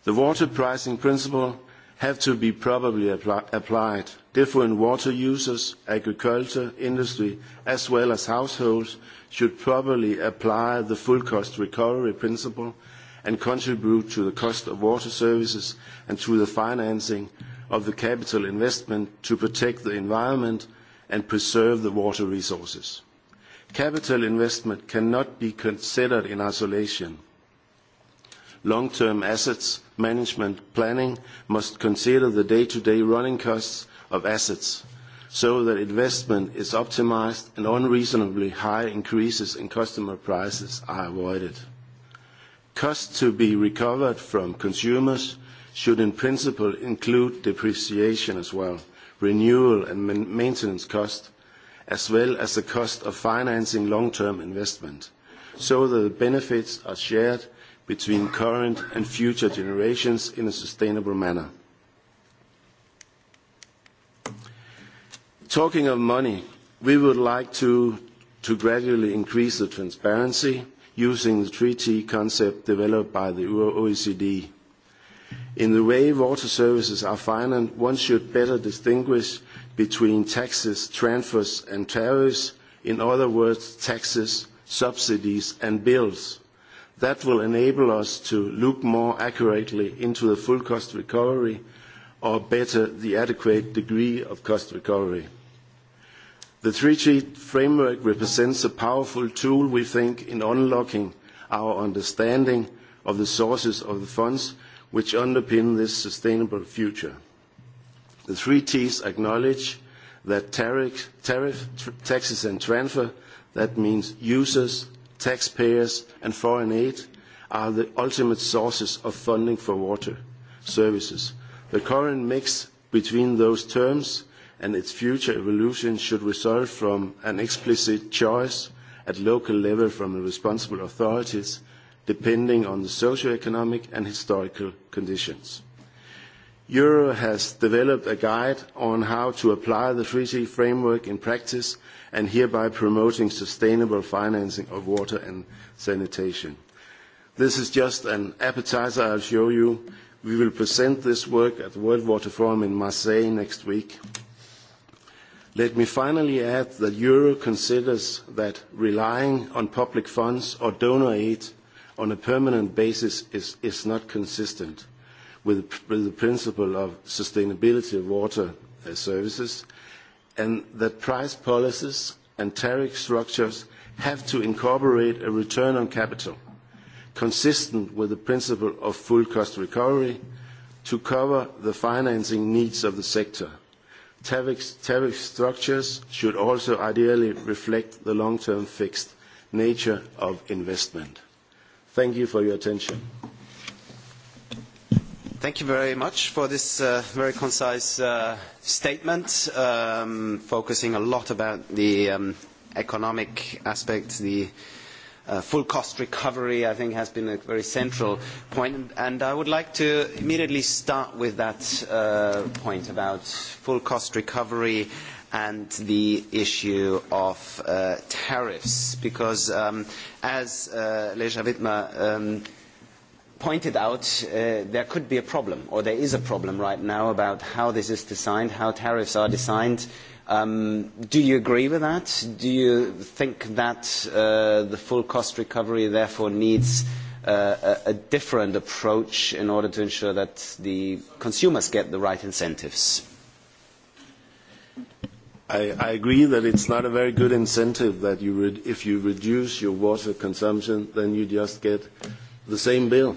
The water pricing principle have to be probably apply, applied. Different water users, agriculture, industry, as well as households should probably apply the full cost recovery principle and contribute to the cost of water services and to the financing of the capital investment to protect the environment and preserve the water resources. Capital investment cannot be considered in isolation. Long-term assets management planning must consider the day-to-day -day running costs of assets so that investment is optimized and unreasonably high increases in customer prices are avoided. Costs to be recovered from consumers should in principle include depreciation as well, renewal and maintenance cost, as well as the cost of financing long-term investment, so that the benefits are shared between current and future generations in a sustainable manner. Talking of money, we would like to, to gradually increase the transparency using the treaty concept developed by the OECD. In the way water services are financed, one should better distinguish between taxes, transfers, and tariffs, in other words, taxes, subsidies, and bills. That will enable us to look more accurately into the full cost recovery or better, the adequate degree of cost recovery. The three-sheet framework represents a powerful tool, we think, in unlocking our understanding of the sources of the funds which underpin this sustainable future. The three Ts acknowledge that tariff, tariff taxes, and transfer, that means users, taxpayers and foreign aid are the ultimate sources of funding for water services. The current mix between those terms and its future evolution should result from an explicit choice at local level from the responsible authorities depending on the socio-economic and historical conditions. Euro has developed a guide on how to apply the treaty framework in practice and hereby promoting sustainable financing of water and sanitation. This is just an appetizer I'll show you. We will present this work at the World Water Forum in Marseille next week. Let me finally add that Euro considers that relying on public funds or donor aid on a permanent basis is, is not consistent with, with the principle of sustainability of water uh, services, and that price policies and tariff structures have to incorporate a return on capital consistent with the principle of full cost recovery to cover the financing needs of the sector. Tariff, tariff structures should also ideally reflect the long-term fixed nature of investment. Thank you for your attention. Thank you very much for this uh, very concise uh, statement, um, focusing a lot about the um, economic aspects, the uh, full cost recovery, I think, has been a very central point. And I would like to immediately start with that uh, point about full cost recovery and the issue of uh, tariffs, because um, as uh, Leja Wittmer um, pointed out uh, there could be a problem, or there is a problem right now about how this is designed, how tariffs are designed. Um, do you agree with that? Do you think that uh, the full cost recovery therefore needs uh, a, a different approach in order to ensure that the consumers get the right incentives? I, I agree that it's not a very good incentive that you re- if you reduce your water consumption, then you just get the same bill.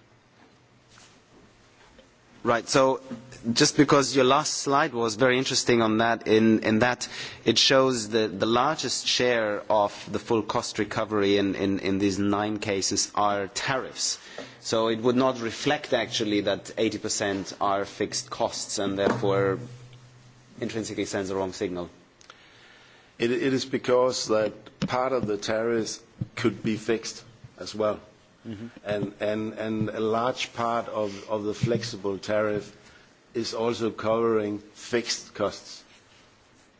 Right. So just because your last slide was very interesting on that, in, in that it shows the, the largest share of the full cost recovery in, in, in these nine cases are tariffs. So it would not reflect actually that 80% are fixed costs and therefore intrinsically sends the wrong signal. It, it is because that part of the tariffs could be fixed as well. Mm-hmm. And, and, and a large part of, of the flexible tariff is also covering fixed costs.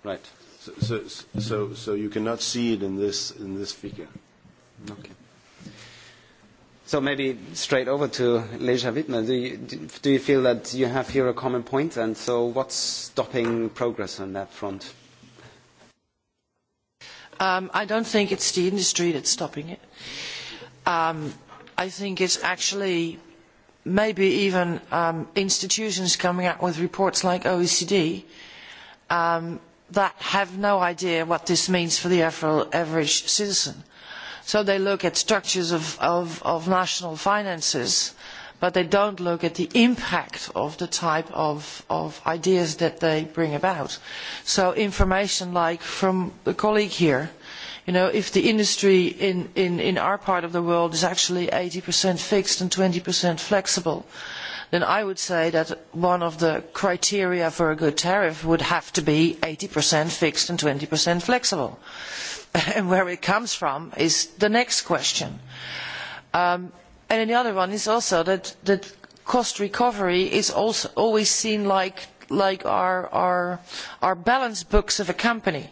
Right. So, so, so, so you cannot see it in this, in this figure. Okay. So maybe straight over to Leja Wittmann. Do you, do you feel that you have here a common point, and so what's stopping progress on that front? Um, I don't think it's the industry that's stopping it. Um, I think it's actually maybe even um, institutions coming out with reports like OECD um, that have no idea what this means for the average citizen. So they look at structures of, of, of national finances, but they don't look at the impact of the type of, of ideas that they bring about. So information like from the colleague here, you know, if the industry in, in, in our part of the world is actually 80% fixed and 20% flexible, then I would say that one of the criteria for a good tariff would have to be 80% fixed and 20% flexible. and where it comes from is the next question. Um, and the other one is also that, that cost recovery is also always seen like, like our, our, our balance books of a company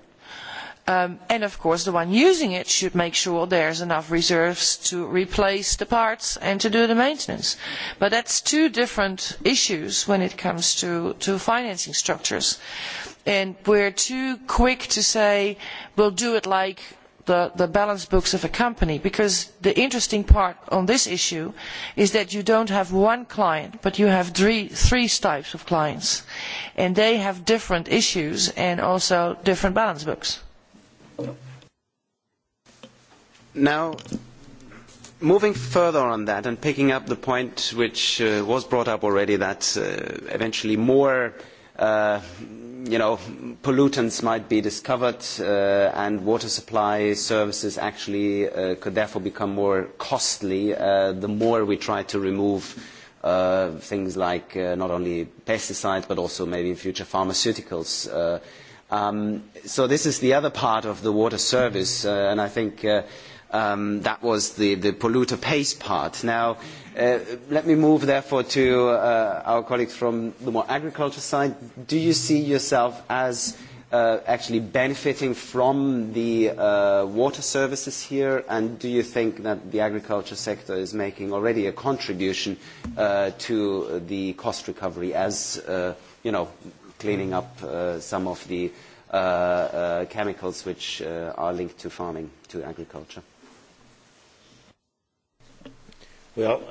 Um, and of course the one using it should make sure there's enough reserves to replace the parts and to do the maintenance. But that's two different issues when it comes to, to financing structures. And we're too quick to say we'll do it like the, the balance books of a company because the interesting part on this issue is that you don't have one client but you have three, three types of clients and they have different issues and also different balance books. Now, moving further on that and picking up the point which uh, was brought up already that uh, eventually more uh, you know, pollutants might be discovered uh, and water supply services actually uh, could therefore become more costly uh, the more we try to remove uh, things like uh, not only pesticides but also maybe in future pharmaceuticals. Uh, Um, so this is the other part of the water service, uh, and I think uh, um, that was the, the polluter pays part. Now, uh, let me move therefore to uh, our colleagues from the more agriculture side. Do you see yourself as uh, actually benefiting from the uh, water services here, and do you think that the agriculture sector is making already a contribution uh, to the cost recovery as, uh, you know, cleaning up uh, some of the uh, uh, chemicals which uh, are linked to farming, to agriculture? Well,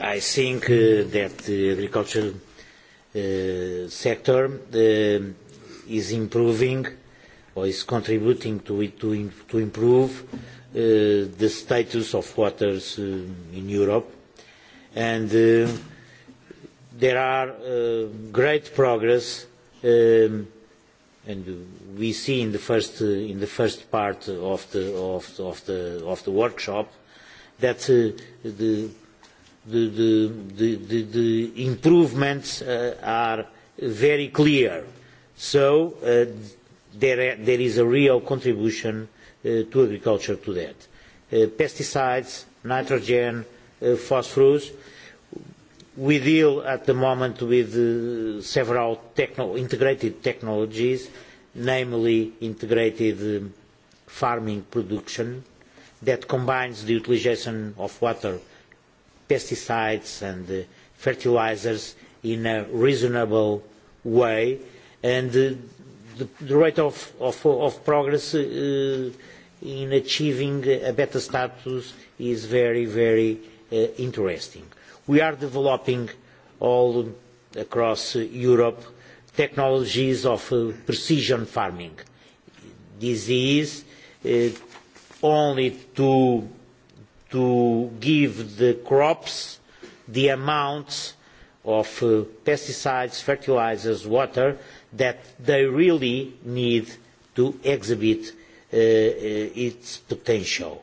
I think uh, that the agriculture uh, sector uh, is improving or is contributing to it to, in, to improve uh, the status of waters uh, in Europe. And uh, there are uh, great progress um, and we see in the first uh, in the first part of the of, of the of the workshop that uh, the the, the, the, the improvements uh, are very clear. So uh, there, there is a real contribution uh, to agriculture to that. Uh, pesticides, nitrogen, uh, phosphorus, uh, We deal at the moment with uh, several techno integrated technologies, namely integrated um, farming production that combines the utilization of water, pesticides and uh, fertilizers in a reasonable way and uh, the, the rate of, of, of progress uh, in achieving a better status is very, very uh, interesting We are developing all across uh, Europe technologies of uh, precision farming. This is uh, only to, to give the crops the amounts of uh, pesticides, fertilizers, water that they really need to exhibit uh, uh, its potential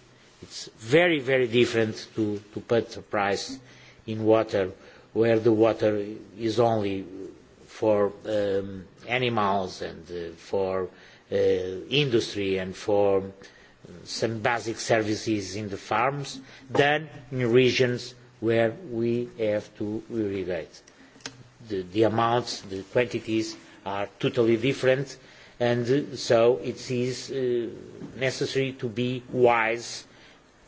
it's very, very different to, to put a price in water where the water is only for um, animals and uh, for uh, industry and for um, some basic services in the farms than in regions where we have to irrigate. The, the amounts, the quantities are totally different and so it is uh, necessary to be wise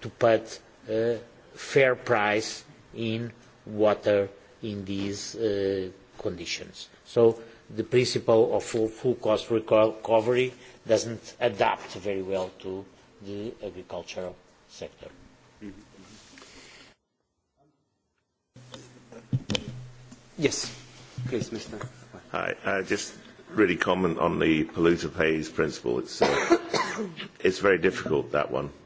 to put a fair price in water in these uh, conditions. So the principle of full, full cost recovery doesn't adapt very well to the agricultural sector. Yes, please, Mr. Hi, uh, just really comment on the polluter pays principle. It's, uh, it's very difficult, that one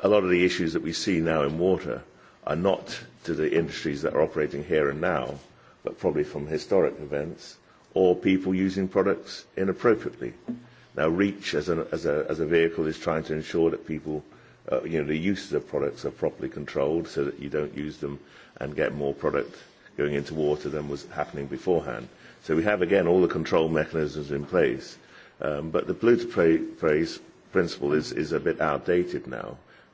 a lot of the issues that we see now in water are not to the industries that are operating here and now, but probably from historic events or people using products inappropriately. Now, REACH as a, as a, as a vehicle is trying to ensure that people, uh, you know, the uses of products are properly controlled so that you don't use them and get more product going into water than was happening beforehand. So we have, again, all the control mechanisms in place. Um, but the polluter pays principle is, is a bit outdated now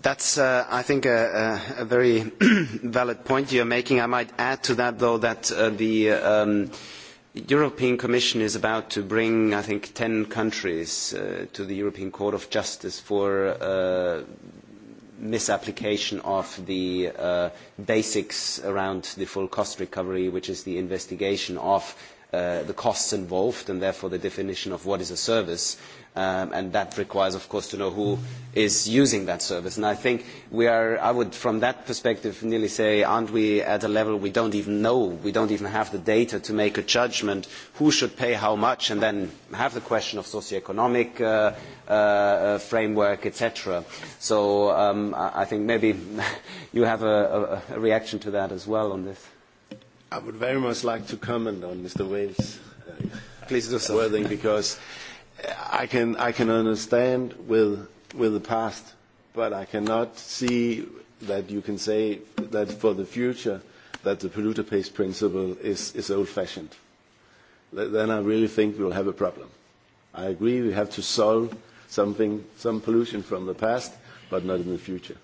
That's, uh, I think, a, a, a very valid point you're making. I might add to that, though, that uh, the um, European Commission is about to bring, I think, 10 countries uh, to the European Court of Justice for uh, misapplication of the uh, basics around the full cost recovery, which is the investigation of uh, the costs involved and therefore the definition of what is a service um, and that requires, of course, to know who is using that service. And I think we are, I would, from that perspective, nearly say, aren't we at a level we don't even know, we don't even have the data to make a judgment who should pay how much, and then have the question of socioeconomic uh, uh, uh framework, etc. So um, I think maybe you have a, a, a reaction to that as well on this. I would very much like to comment on Mr. Wales' uh, please do so. wording because I can I can understand with with the past, but I cannot see that you can say that for the future that the polluter pays principle is, is old-fashioned. Then I really think we'll have a problem. I agree we have to solve something, some pollution from the past, but not in the future.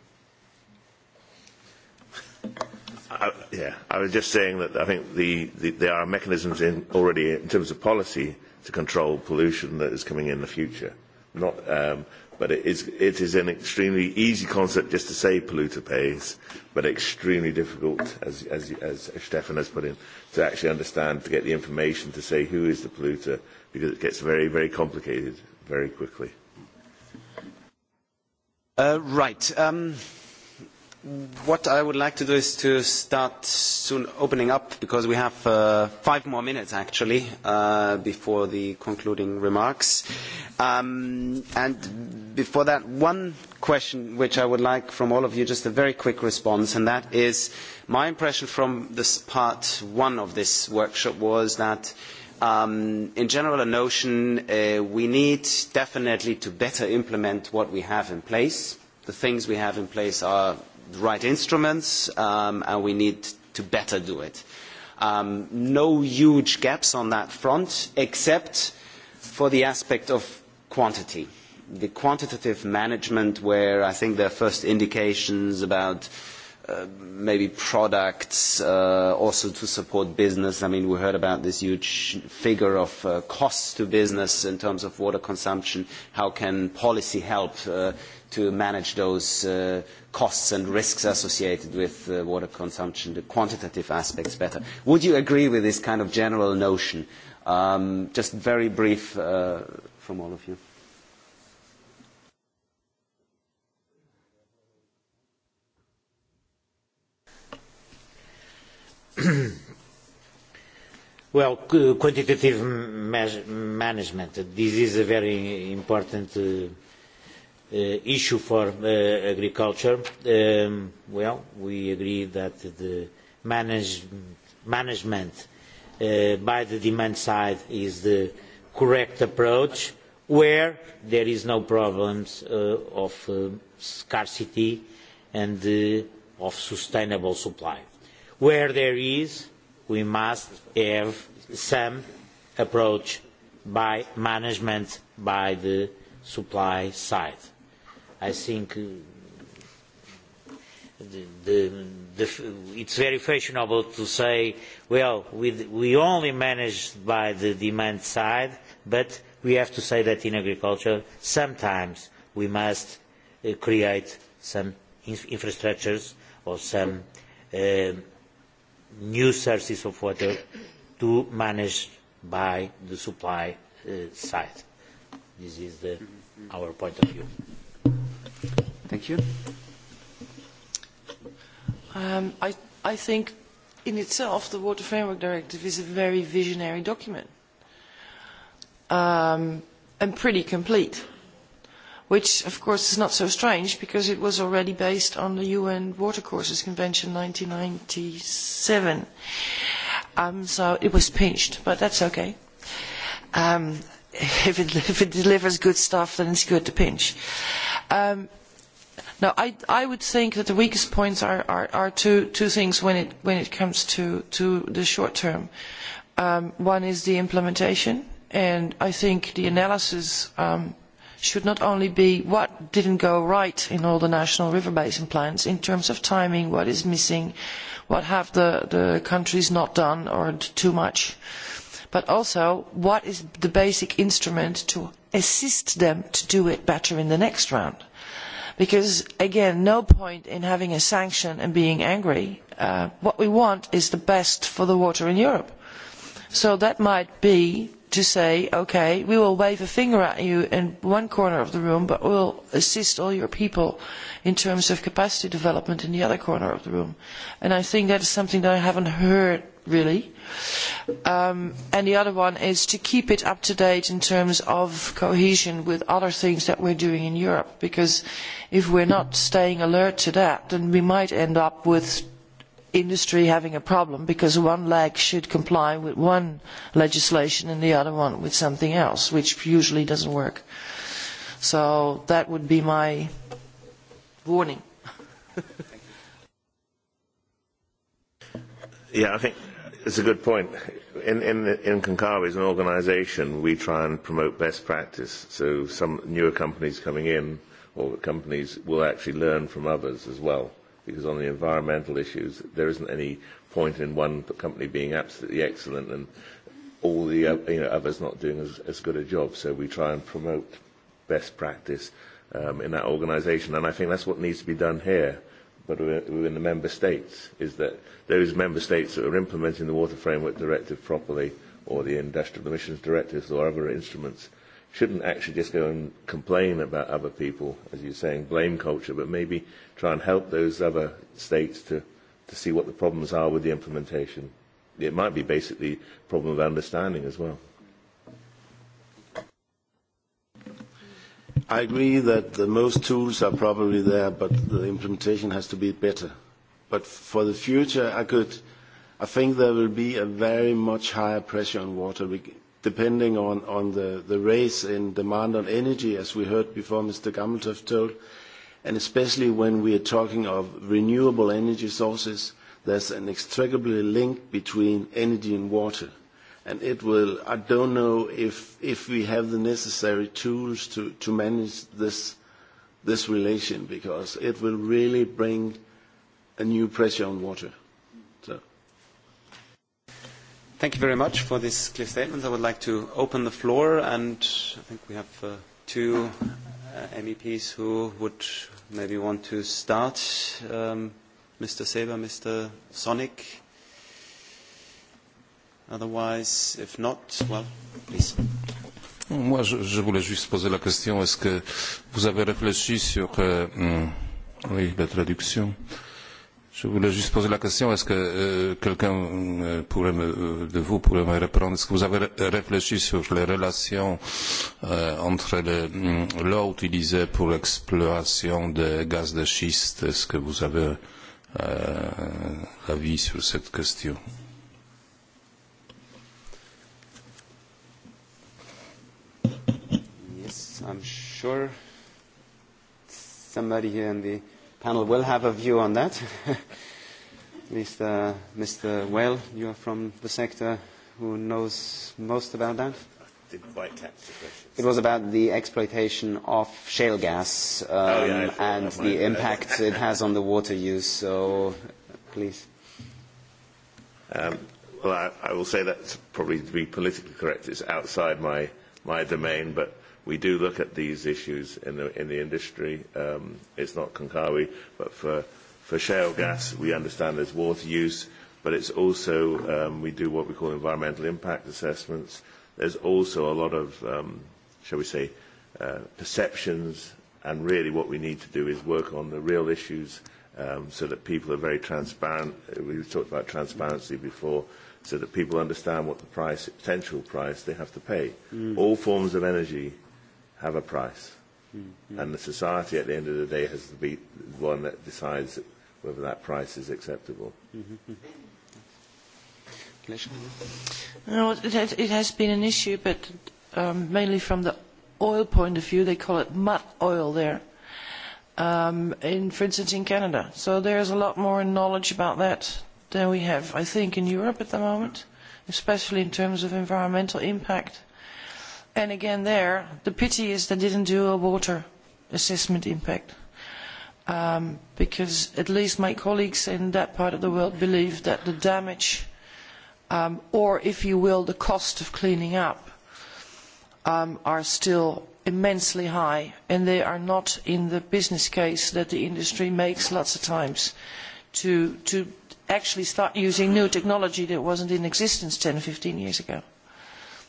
I, yeah, I was just saying that I think the, the, there are mechanisms in already in terms of policy uh, to control pollution that is coming in the future. Not, um, but it is, it is an extremely easy concept just to say polluter pays, but extremely difficult, as, as, as Stefan has put in, to actually understand, to get the information to say who is the polluter, because it gets very, very complicated very quickly. Uh, right. Um what I would like to do is to start soon opening up because we have uh, five more minutes actually uh, before the concluding remarks. Um, and before that, one question which I would like from all of you, just a very quick response, and that is my impression from this part one of this workshop was that um, in general a notion uh, we need definitely to better implement what we have in place. The things we have in place are the right instruments, um, and we need to better do it. Um, no huge gaps on that front, except for the aspect of quantity. The quantitative management, where I think there are first indications about uh, maybe products, uh, also to support business. I mean, we heard about this huge figure of uh, costs to business in terms of water consumption. How can policy help uh, to manage those uh, costs and risks associated with uh, water consumption, the quantitative aspects better. Would you agree with this kind of general notion? Um, just very brief uh, from all of you. well, quantitative management, this is a very important uh, uh, issue for uh, agriculture, um, well, we agree that the manage, management uh, by the demand side is the correct approach where there is no problems uh, of uh, scarcity and uh, of sustainable supply. Where there is, we must have some approach by management by the supply side I think the, the, the, it's very fashionable to say, well, we, we only managed by the demand side, but we have to say that in agriculture sometimes we must uh, create some inf infrastructures or some uh, new sources of water to manage by the supply uh, side. This is the, our point of view. Thank you. Um, I, I think in itself the Water Framework Directive is a very visionary document um, and pretty complete, which of course is not so strange because it was already based on the UN Watercourses Convention 1997. Um, so it was pinched, but that's okay. Um, if, it, if it delivers good stuff, then it's good to pinch. Uh, Um, now, I, I would think that the weakest points are, are, are two, two things when it, when it comes to, to the short term. Um, one is the implementation, and I think the analysis um, should not only be what didn't go right in all the national river basin plans in terms of timing, what is missing, what have the, the countries not done or too much, but also what is the basic instrument to assist them to do it better in the next round. Because, again, no point in having a sanction and being angry. Uh, what we want is the best for the water in Europe. So that might be to say, okay, we will wave a finger at you in one corner of the room, but we'll assist all your people in terms of capacity development in the other corner of the room. And I think that is something that I haven't heard really. Um, and the other one is to keep it up to date in terms of cohesion with other things that we're doing in Europe, because if we're not staying alert to that, then we might end up with industry having a problem because one leg should comply with one legislation and the other one with something else, which usually doesn't work. So that would be my warning. yeah, I think it's a good point. In, in, in Concavi as an organization, we try and promote best practice. So some newer companies coming in or companies will actually learn from others as well because on the environmental issues, there isn't any point in one company being absolutely excellent and all the uh, you know, others not doing as, as good a job. So we try and promote best practice um, in that organisation, and I think that's what needs to be done here. But within the member states, is that those member states that are implementing the Water Framework Directive properly, or the Industrial Emissions Directives, or other instruments, uh, shouldn't actually just go and complain about other people, as you're saying, blame culture, but maybe try and help those other states to, to see what the problems are with the implementation. It might be basically a problem of understanding as well. I agree that the most tools are probably there, but the implementation has to be better. But for the future, I could, I think there will be a very much higher pressure on water depending on, on the, the raise in demand on energy, as we heard before Mr. Gammeltoft told, and especially when we are talking of renewable energy sources, there's an inextricably link between energy and water. And it will, I don't know if, if we have the necessary tools to, to manage this, this relation, because it will really bring a new pressure on water. Thank you very much for these clear statements. I would like to open the floor, and I think we have uh, two uh, MEPs who would maybe want to start. Um, Mr. Saber, Mr. Sonic. Otherwise, if not, well, please. Moi, je, je voulais juste poser la question. Est-ce que vous avez réfléchi sur... Euh, hmm, oui, la traduction. Euh, Je voulais juste poser la question, est-ce que euh, quelqu'un euh, pourrait me, euh, de vous pourrait me répondre Est-ce que vous avez réfléchi sur les relations euh, entre mm, l'eau utilisée pour l'exploration des gaz de schiste Est-ce que vous avez euh, avis sur cette question Yes, I'm sure somebody here in the panel will have a view on that. Mr. Mr. Well, you are from the sector who knows most about that. I didn't quite catch the question. It was about the exploitation of shale gas um, oh, yeah, um, and the impact it has on the water use. So, please. Um, well, I, I will say that's probably to be politically correct. It's outside my, my domain, but we do look at these issues in the, in the industry. Um, it's not Konkawi, but for, for shale gas, we understand there's water use, but it's also, um, we do what we call environmental impact assessments. There's also a lot of, um, shall we say, uh, perceptions, and really what we need to do is work on the real issues um, so that people are very transparent. We've talked about transparency before so that people understand what the price, potential price they have to pay. Mm. All forms of energy have a price. Mm-hmm. And the society at the end of the day has to be the one that decides whether that price is acceptable. Mm-hmm. No, it has, it has been an issue, but um, mainly from the oil point of view, they call it mud oil there. Um, in, for instance, in Canada, so there's a lot more knowledge about that than we have, I think, in Europe at the moment, especially in terms of environmental impact. Uh, And again there, the pity is they didn't do a water assessment impact. Um, because at least my colleagues in that part of the world believe that the damage, um, or if you will, the cost of cleaning up, um, are still immensely high, and they are not in the business case that the industry makes lots of times to, to actually start using new technology that wasn't in existence 10 or 15 years ago.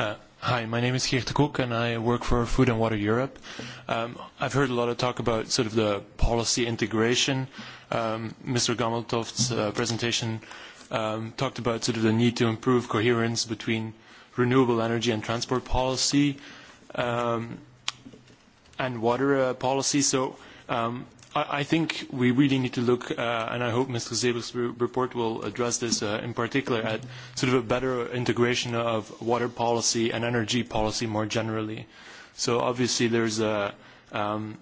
Uh, hi, my name is Geert de Koek and I work for Food and Water Europe. Um, I've heard a lot of talk about sort of the policy integration. Um, Mr. Gameltoft's uh, presentation um, talked about sort of the need to improve coherence between renewable energy and transport policy um, and water uh, policy. So um, I think we really need to look, uh, and I hope Mr. Zeber's report will address this uh, in particular, at sort of a better integration of water policy and energy policy more generally. So obviously there's a, um,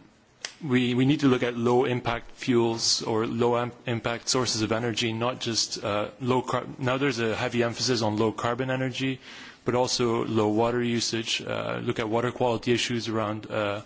we, we need to look at low impact fuels or low impact sources of energy, not just uh, low carbon. Now there's a heavy emphasis on low carbon energy, but also low water usage, uh, look at water quality issues around uh,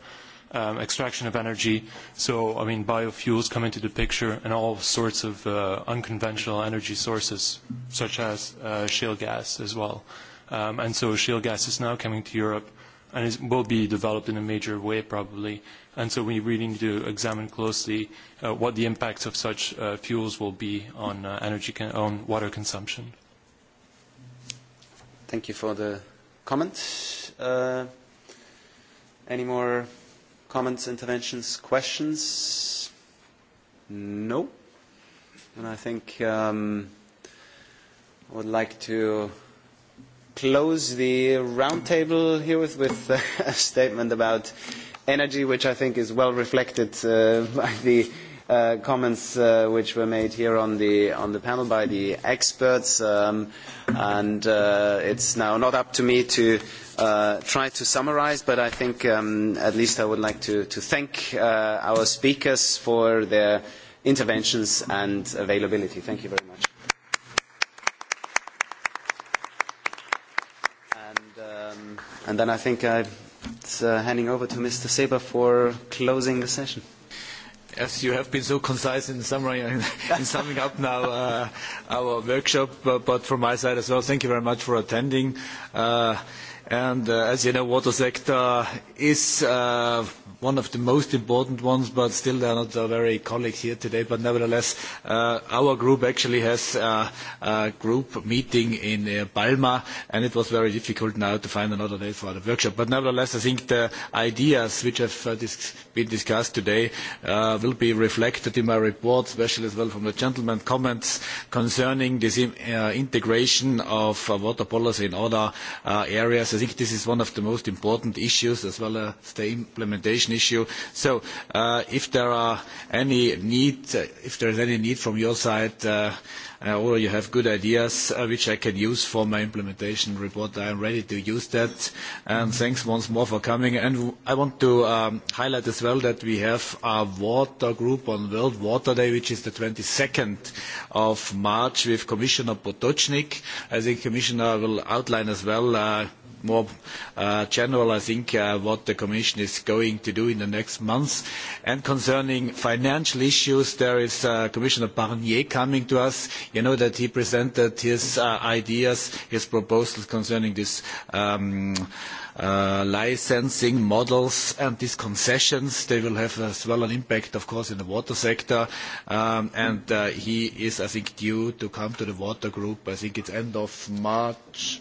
um, extraction of energy. So, I mean, biofuels come into the picture and all sorts of uh, unconventional energy sources, such as uh, shale gas as well. Um, and so shale gas is now coming to Europe and it will be developed in a major way probably. And so we really need to examine closely uh, what the impacts of such uh, fuels will be on uh, energy con on water consumption. Thank you for the comment. Uh, any more Comments, interventions, questions? No. And I think um, I would like to close the roundtable here with, with a statement about energy, which I think is well reflected uh, by the uh, comments uh, which were made here on the on the panel by the experts, um, and uh, it's now not up to me to uh, try to summarize, but I think um, at least I would like to, to thank uh, our speakers for their interventions and availability. Thank you very much. And, um, and then I think I'm uh, handing over to Mr. Seber for closing the session as you have been so concise in summary in summing up now uh, our workshop, uh, but from my side as well, thank you very much for attending. Uh, and uh, as you know, water sector is uh, one of the most important ones, but still there are not uh, very colleagues here today. But nevertheless, uh, our group actually has uh, a group meeting in uh, Palma, and it was very difficult now to find another day for the workshop. But nevertheless, I think the ideas which have uh, dis been discussed today uh, will be reflected in my report, especially as well from the gentleman's comments concerning this in, uh, integration of uh, water policy in other uh, areas. I think this is one of the most important issues, as well as the implementation an issue. So uh, if there are any need, uh, if there is any need from your side, uh, uh, or you have good ideas uh, which I can use for my implementation report, I am ready to use that. And mm-hmm. thanks once more for coming. And I want to um, highlight as well that we have a water group on World Water Day, which is the 22nd of March with Commissioner Potocznik. I think Commissioner will outline as well uh, more uh, general, I think uh, what the Commission is going to do in the next months. And concerning financial issues, there is uh, Commissioner Barnier coming to us. You know that he presented his uh, ideas, his proposals concerning this um, uh, licensing models and these concessions. They will have as well an impact, of course, in the water sector. Um, and uh, he is, I think, due to come to the water group. I think it's end of March